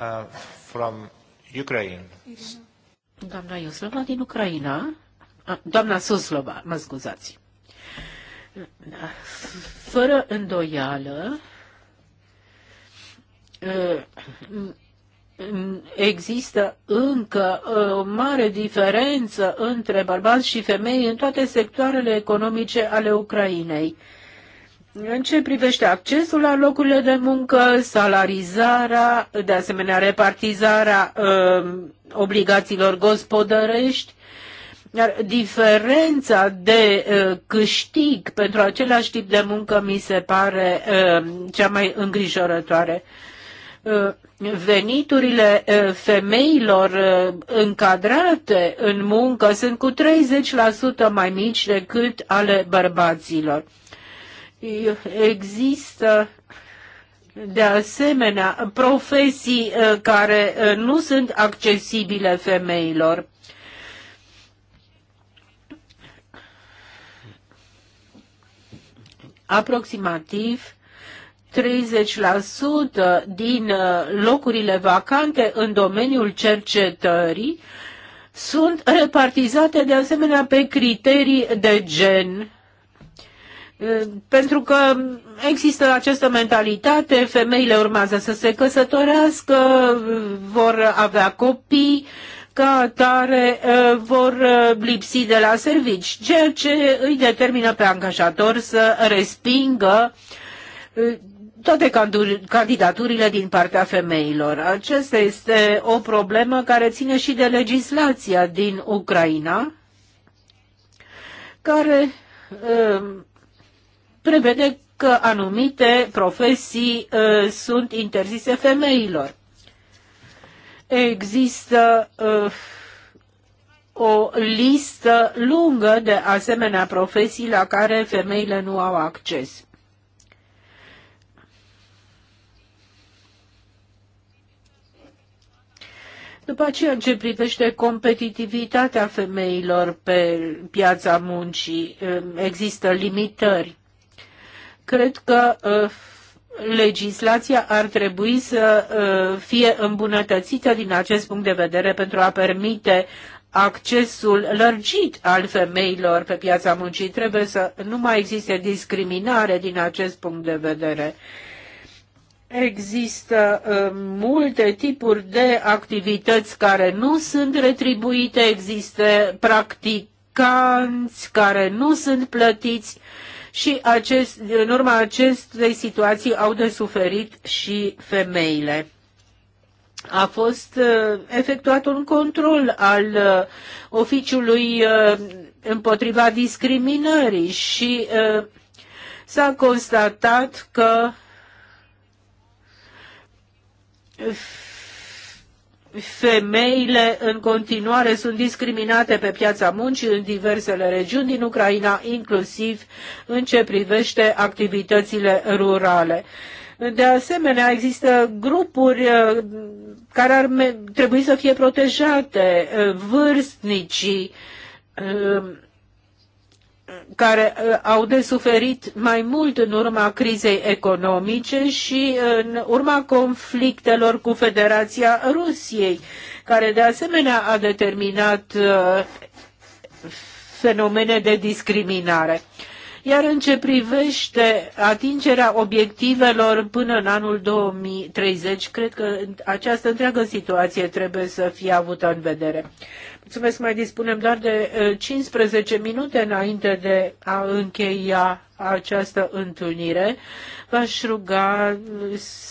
Uh, from Ukraine. Doamna Ioslova din Ucraina. Doamna Suslova, mă scuzați. Fără îndoială, există încă uh, o mare diferență între bărbați și femei în toate sectoarele economice ale Ucrainei. În ce privește accesul la locurile de muncă, salarizarea, de asemenea repartizarea uh, obligațiilor gospodărești, iar diferența de uh, câștig pentru același tip de muncă mi se pare uh, cea mai îngrijorătoare. Uh, veniturile uh, femeilor uh, încadrate în muncă sunt cu 30% mai mici decât ale bărbaților. Există de asemenea profesii uh, care nu sunt accesibile femeilor aproximativ 30% din uh, locurile vacante în domeniul cercetării sunt repartizate de asemenea pe criterii de gen. Uh, pentru că există această mentalitate, femeile urmează să se căsătorească, vor avea copii, ca atare uh, vor uh, lipsi de la servici, ceea ce îi determină pe angajator să respingă uh, toate candidaturile din partea femeilor. Aceasta este o problemă care ține și de legislația din Ucraina, care prevede că anumite profesii sunt interzise femeilor. Există uh, o listă lungă de asemenea profesii la care femeile nu au acces. După aceea, în ce privește competitivitatea femeilor pe piața muncii, uh, există limitări. Cred că uh, legislația ar trebui să uh, fie îmbunătățită din acest punct de vedere pentru a permite accesul lărgit al femeilor pe piața muncii. Trebuie să nu mai existe discriminare din acest punct de vedere. Există uh, multe tipuri de activități care nu sunt retribuite, există practicanți care nu sunt plătiți. Uh, și acest, în urma acestei situații au de suferit și femeile. A fost uh, efectuat un control al uh, oficiului uh, împotriva discriminării și s-a constatat că femeile în continuare sunt discriminate pe piața muncii în diversele regiuni din Ucraina, inclusiv în ce privește activitățile rurale. De asemenea, există grupuri uh, care ar trebui să fie protejate, uh, vârstnicii, uh, care uh, au de suferit mai mult în urma crizei economice și în urma conflictelor cu Federația Rusiei, care de asemenea a determinat uh, fenomene de discriminare. Iar în ce privește atingerea obiectivelor până în anul 2030, cred că această întreagă situație trebuie să fie avută în vedere. Mulțumesc, mai dispunem doar de 15 minute înainte de a încheia această întâlnire. V-aș ruga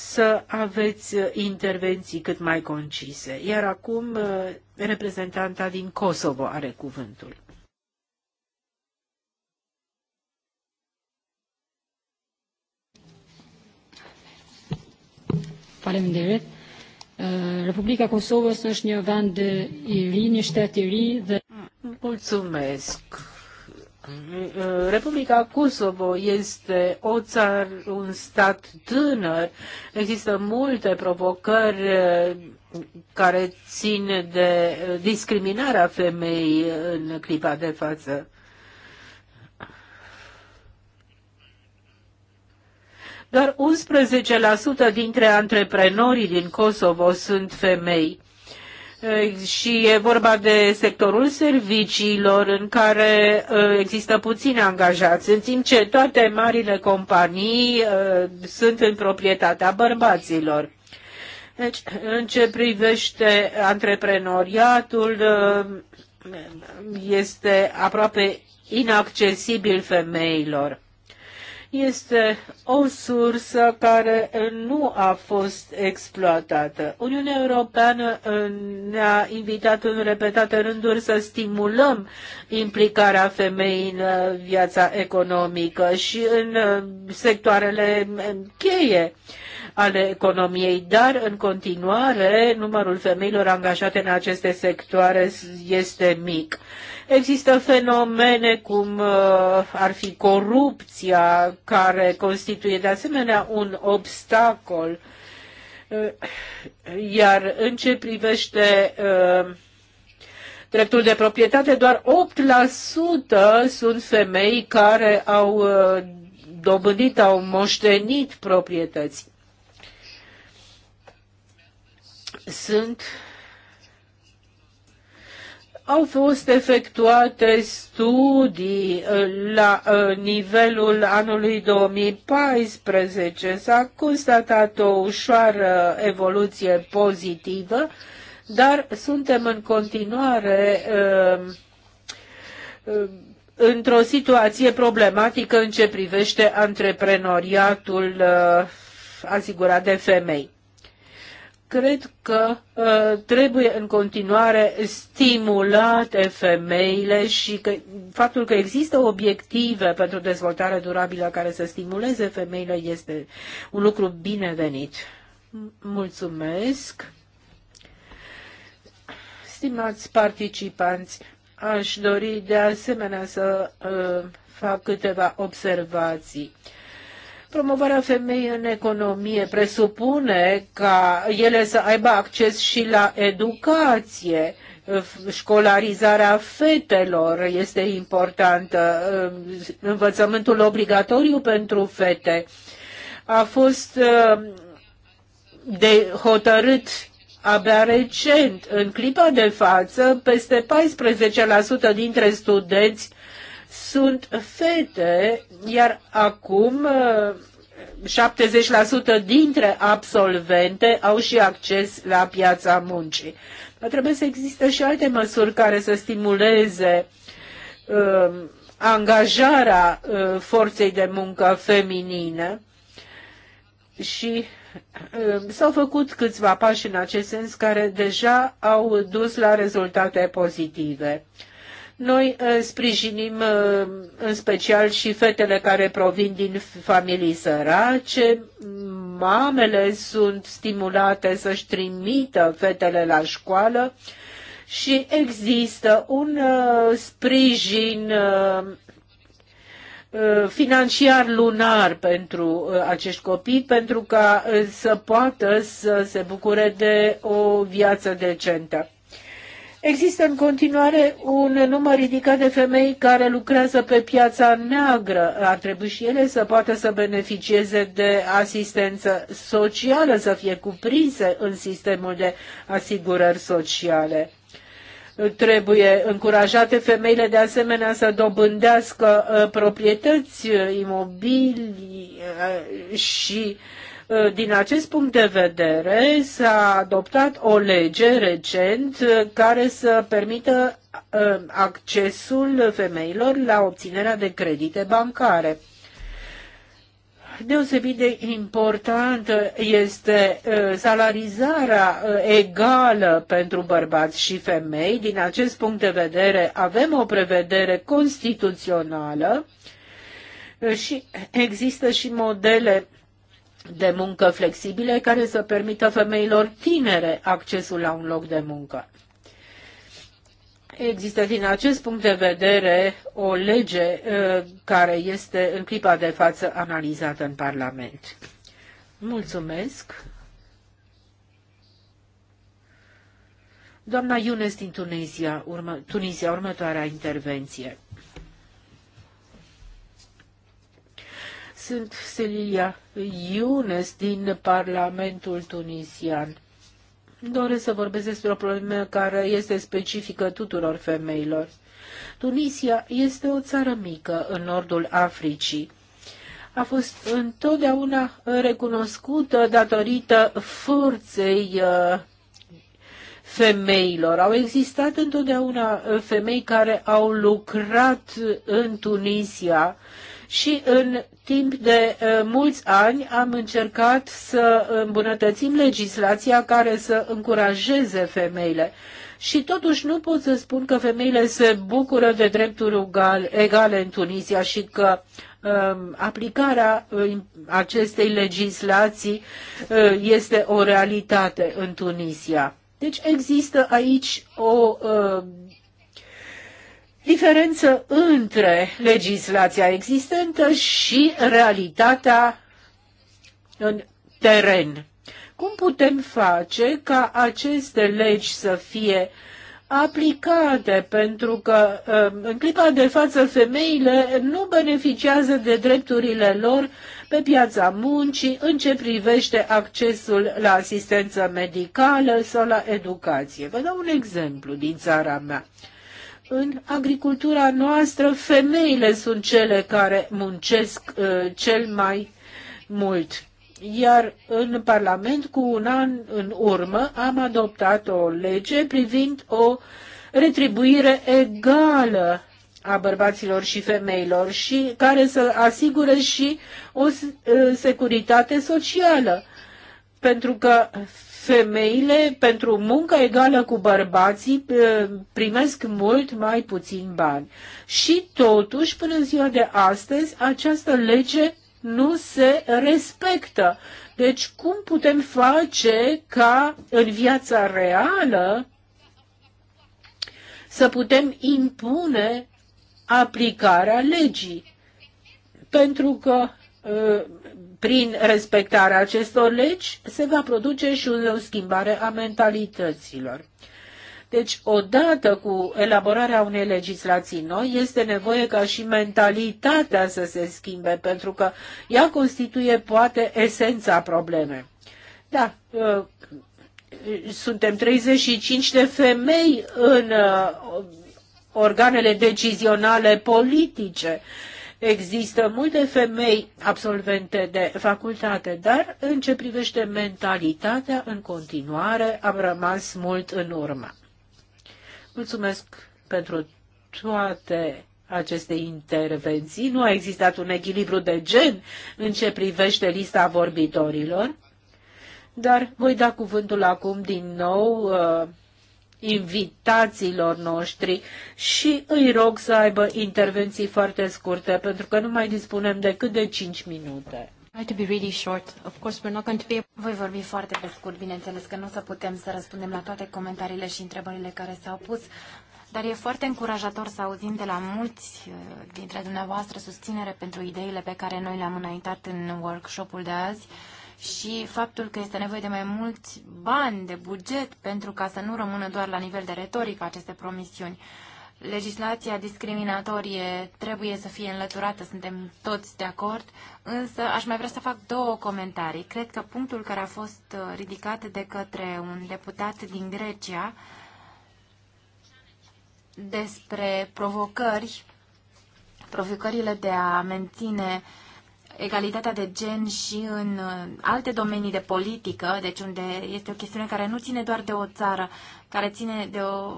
să aveți intervenții cât mai concise. Iar acum, reprezentanta din Kosovo are cuvântul. Faleminderit. Uh, Republica Kosovë është një vend i ri, një shtet i ri dhe Mulțumesc. Uh, Republica Kosovo este o țară, un stat tânăr. Există multe provocări uh, care țin de discriminarea femeii în clipa de față. Doar 11% dintre antreprenorii din Kosovo sunt femei și e vorba de sectorul serviciilor în care există puțini angajați, în timp ce toate marile companii sunt în proprietatea bărbaților. Deci, în ce privește antreprenoriatul, este aproape inaccesibil femeilor este o sursă care nu a fost exploatată. Uniunea Europeană uh, ne-a invitat în repetate rânduri să stimulăm implicarea femeii în uh, viața economică și în uh, sectoarele cheie ale economiei, dar în continuare numărul femeilor angajate în aceste sectoare este mic. Există fenomene cum uh, ar fi corupția, care constituie de asemenea un obstacol. Uh, iar în ce privește uh, dreptul de proprietate, doar 8% sunt femei care au dobândit, au moștenit proprietăți. sunt au fost efectuate studii uh, la uh, nivelul anului 2014. S-a constatat o ușoară evoluție pozitivă, dar suntem în continuare uh, într-o situație problematică în ce privește antreprenoriatul asigurat de femei cred că uh, trebuie în continuare stimulate femeile și că faptul că există obiective pentru dezvoltare durabilă care să stimuleze femeile este un lucru binevenit. Mulțumesc. Stimați participanți, aș dori de asemenea să uh, fac câteva observații. Uh, Promovarea femeii în economie presupune ca ele să aibă acces și la educație. Școlarizarea fetelor este importantă, învățământul obligatoriu pentru fete a fost uh, de hotărât abia recent. În clipa de față, peste 14% dintre studenți sunt fete, iar acum 70% uh, dintre absolvente au și acces la piața muncii. Dar trebuie să existe și alte măsuri care să stimuleze uh, angajarea uh, forței de muncă feminină și uh, s-au făcut câțiva pași în acest sens care deja au dus la rezultate pozitive. Noi uh, sprijinim uh, în special și fetele care provin din familii sărace. Mamele sunt stimulate să-și trimită fetele la școală și există un uh, sprijin financiar lunar pentru acești copii pentru ca să poată să se bucure de o viață decentă. Există în continuare un număr ridicat de femei care lucrează pe piața neagră. Ar trebui și ele să poată să beneficieze de asistență socială, să fie cuprinse în sistemul de asigurări sociale trebuie încurajate femeile de asemenea să dobândească uh, proprietăți uh, imobili uh, și Uh, din acest punct de vedere, s-a adoptat o lege recent uh, care să permită uh, accesul femeilor la obținerea de credite bancare. Deosebit de importantă este salarizarea egală pentru bărbați și femei. Din acest punct de vedere avem o prevedere constituțională și există și modele de muncă flexibile care să permită femeilor tinere accesul la un loc de muncă. Există din acest punct de vedere o lege uh, care este în clipa de față analizată în Parlament. Mulțumesc. Doamna Iunes din Tunisia, urmă, Tunisia următoarea intervenție. sunt Celilia Iunes din Parlamentul tunisian. Doresc să vorbesc despre o problemă care este specifică tuturor femeilor. Tunisia este o țară mică în nordul Africii. A fost întotdeauna recunoscută datorită forței uh, femeilor. Au existat întotdeauna uh, femei care au lucrat în Tunisia și în timp de uh, mulți ani am încercat să îmbunătățim legislația care să încurajeze femeile. Și totuși nu pot să spun că femeile se bucură de drepturi egale în Tunisia și că um, aplicarea um, acestei legislații uh, este o realitate în Tunisia. Deci există aici o uh, diferență între legislația existentă și realitatea în teren. Cum putem face ca aceste legi să fie aplicate, pentru că um, în clipa de față femeile nu beneficiază de drepturile lor pe piața muncii în ce privește accesul la asistență medicală sau la educație. Vă dau un exemplu din țara mea în agricultura noastră femeile sunt cele care muncesc uh, cel mai mult. Iar în Parlament, cu un an în urmă, am adoptat o lege privind o retribuire egală a bărbaților și femeilor și care să asigure și o uh, securitate socială. Pentru că femeile pentru muncă egală cu bărbații uh, primesc mult mai puțin bani. Și totuși, până în ziua de astăzi, această lege nu se respectă. Deci cum putem face ca în viața reală să putem impune aplicarea legii? Pentru că uh, prin respectarea acestor legi se va produce și o schimbare a mentalităților. Deci, odată cu elaborarea unei legislații noi, este nevoie ca și mentalitatea să se schimbe, pentru că ea constituie poate esența problemei. Da, uh, suntem 35 de femei în uh, organele decizionale politice. Există multe femei absolvente de facultate, dar în ce privește mentalitatea, în continuare am rămas mult în urmă. Mulțumesc pentru toate aceste intervenții. Nu a existat un echilibru de gen în ce privește lista vorbitorilor, dar voi da cuvântul acum din nou uh, invitațiilor noștri și îi rog să aibă intervenții foarte scurte, pentru că nu mai dispunem decât de 5 minute. Voi vorbi foarte pe scurt, bineînțeles că nu o să putem să răspundem la toate comentariile și întrebările care s-au pus, dar e foarte încurajator să auzim de la mulți uh, dintre dumneavoastră susținere pentru ideile pe care noi le-am înaintat în workshopul de azi. Uh, și faptul că este nevoie de mai mulți bani de buget pentru ca să nu rămână doar la nivel de retorică aceste promisiuni. Legislația discriminatorie trebuie să fie înlăturată, suntem toți de acord, însă aș mai vrea să fac două comentarii. Cred că punctul care a fost uh, ridicat de către un deputat din Grecia despre provocări, provocările de a menține uh, egalitatea de gen și în uh, alte domenii de politică, deci unde este o chestiune care nu ține doar de o țară, care ține de o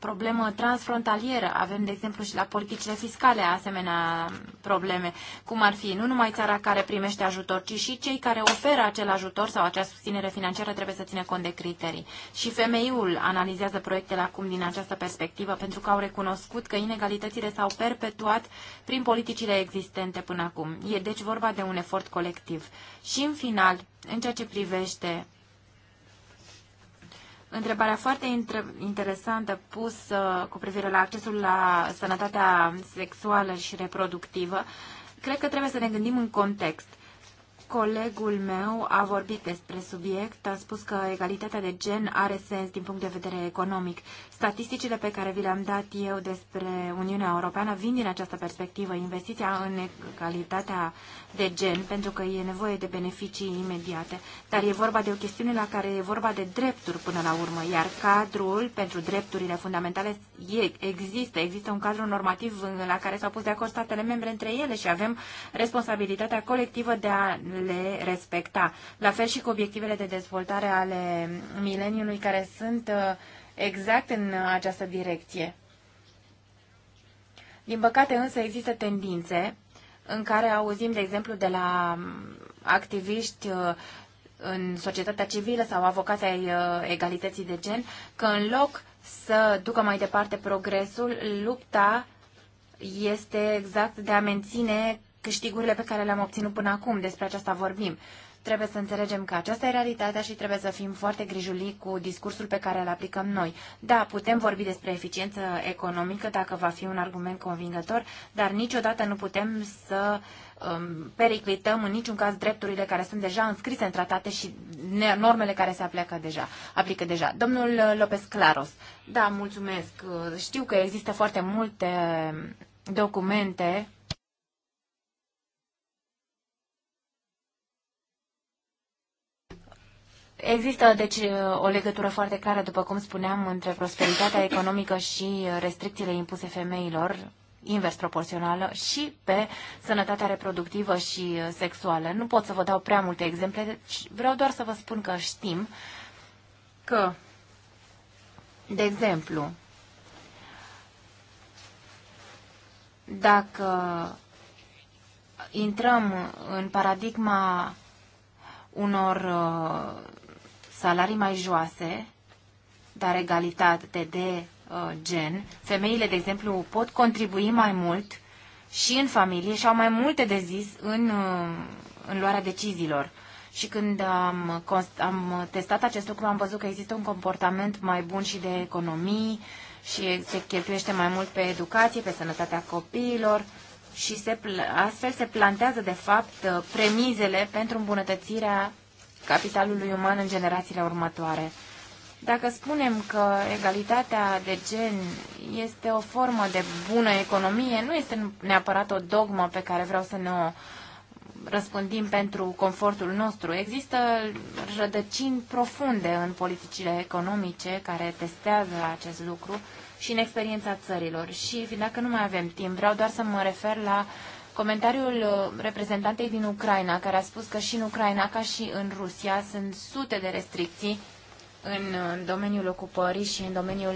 problemă transfrontalieră. Avem, de exemplu, și la politicile fiscale asemenea probleme, cum ar fi nu numai țara care primește ajutor, ci și cei care oferă acel ajutor sau acea susținere financiară trebuie să ține cont de criterii. Și femeiul analizează proiectele acum din această perspectivă, pentru că au recunoscut că inegalitățile s-au perpetuat prin politicile existente până acum. E deci vorba de un efort colectiv. Și în final, în ceea ce privește Întrebarea foarte interesantă pusă cu privire la accesul la sănătatea sexuală și reproductivă, cred că trebuie să ne gândim în context. Colegul meu a vorbit despre subiect, a spus că egalitatea de gen are sens din punct de vedere economic Statisticile pe care vi le-am dat eu despre Uniunea Europeană vin din această perspectivă, investiția în calitatea de gen, pentru că e nevoie de beneficii imediate, dar e vorba de o chestiune la care e vorba de drepturi până la urmă, iar cadrul pentru drepturile fundamentale e, există, există un cadru normativ la care s-au pus de acord statele membre între ele și avem responsabilitatea colectivă de a le respecta. La fel și cu obiectivele de dezvoltare ale mileniului care sunt uh, exact în această direcție. Din păcate însă există tendințe în care auzim, de exemplu, de la mm, activiști uh, în societatea civilă sau avocații ai uh, egalității de gen, că în loc să ducă mai departe progresul, lupta este exact de a menține câștigurile pe care le-am obținut până acum. Despre aceasta vorbim. Trebuie să înțelegem că aceasta e realitatea și trebuie să fim foarte grijuli cu discursul pe care îl aplicăm noi. Da, putem vorbi despre eficiență economică dacă va fi un argument convingător, dar niciodată nu putem să um, periclităm în niciun caz drepturile care sunt deja înscrise în tratate și normele care se aplică deja. Aplică deja. Domnul uh, Lopez Claros. Da, mulțumesc. Uh, știu că există foarte multe documente Există, deci, o legătură foarte clară, după cum spuneam, între prosperitatea economică și restricțiile impuse femeilor, invers proporțională, și pe sănătatea reproductivă și sexuală. Nu pot să vă dau prea multe exemple, deci vreau doar să vă spun că știm că, de exemplu, dacă intrăm în paradigma unor uh, salarii mai joase, dar egalitate de uh, gen. Femeile, de exemplu, pot contribui mai mult și în familie și au mai multe de zis în, uh, în luarea deciziilor. Și când am, am testat acest lucru, am văzut că există un comportament mai bun și de economii și se cheltuiește mai mult pe educație, pe sănătatea copiilor și se, astfel se plantează, de fapt, uh, premizele pentru îmbunătățirea capitalului uman în generațiile următoare. Dacă spunem că egalitatea de gen este o formă de bună economie, nu este neapărat o dogmă pe care vreau să ne o răspândim pentru confortul nostru. Există rădăcini profunde în politicile economice care testează acest lucru și în experiența țărilor. Și dacă nu mai avem timp, vreau doar să mă refer la uh, Comentariul uh, reprezentantei din Ucraina, care a spus că și în Ucraina, ca și în Rusia, sunt sute de restricții în uh, domeniul ocupării și în domeniul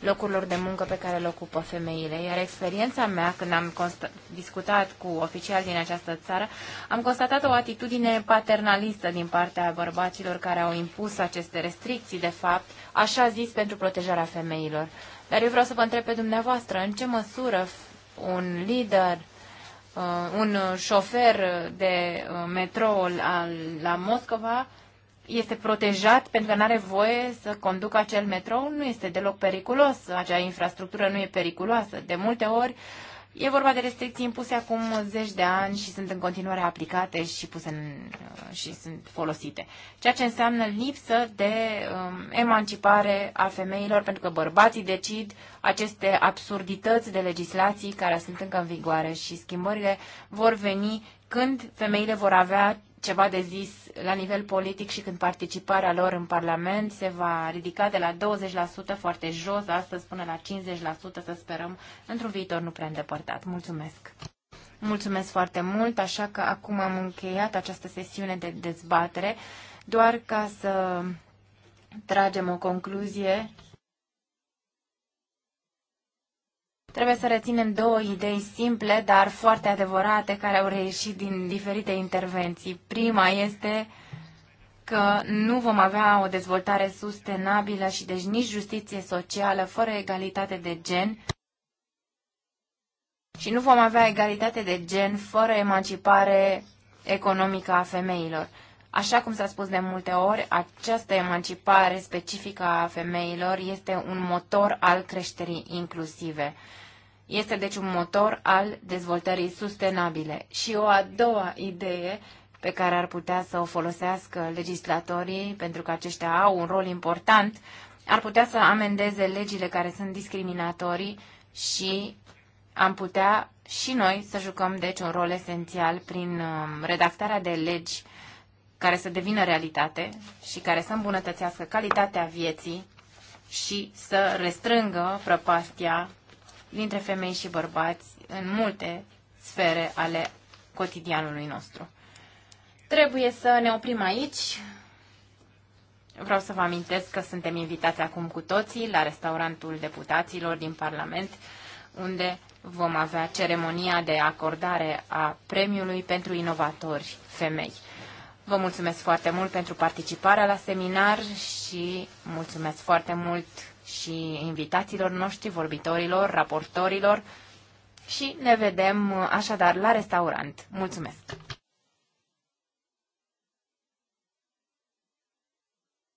locurilor de muncă pe care le ocupă femeile. Iar experiența mea, când am discutat cu oficiali din această țară, am constatat o atitudine paternalistă din partea bărbaților care au impus aceste restricții, de fapt, așa zis, pentru protejarea femeilor. Dar eu vreau să vă întreb pe dumneavoastră, în ce măsură un lider Uh, un șofer de uh, metrou la Moscova este protejat pentru că nu are voie să conducă acel metrou, nu este deloc periculos, acea infrastructură nu e periculoasă. De multe ori E vorba de restricții impuse acum zeci de ani și sunt în continuare aplicate și, puse în, uh, și sunt folosite. Ceea ce înseamnă lipsă de um, emancipare a femeilor, pentru că bărbații decid aceste absurdități de legislații care sunt încă în vigoare și schimbările vor veni când femeile vor avea ceva de zis la nivel politic și când participarea lor în Parlament se va ridica de la 20% foarte jos, astăzi până la 50%, să sperăm, într-un viitor nu prea îndepărtat. Mulțumesc! Mulțumesc foarte mult, așa că acum am încheiat această sesiune de dezbatere, doar ca să tragem o concluzie Trebuie să reținem două idei simple, dar foarte adevărate, care au reieșit din diferite intervenții. Prima este că nu vom avea o dezvoltare sustenabilă și deci nici justiție socială fără egalitate de gen și nu vom avea egalitate de gen fără emancipare economică a femeilor. Așa cum s-a spus de multe ori, această emancipare specifică a femeilor este un motor al creșterii inclusive. Este deci un motor al dezvoltării sustenabile. Și o a doua idee pe care ar putea să o folosească legislatorii, pentru că aceștia au un rol important, ar putea să amendeze legile care sunt discriminatorii și am putea și noi să jucăm deci un rol esențial prin um, redactarea de legi care să devină realitate și care să îmbunătățească calitatea vieții și să restrângă prăpastia dintre femei și bărbați în multe sfere ale cotidianului nostru. Trebuie să ne oprim aici. Vreau să vă amintesc că suntem invitați acum cu toții la restaurantul deputaților din Parlament, unde vom avea ceremonia de acordare a premiului pentru inovatori femei. Vă mulțumesc foarte mult pentru participarea la seminar și mulțumesc foarte mult și invitaților noștri, vorbitorilor, raportorilor și ne vedem uh, așadar la restaurant. Mulțumesc!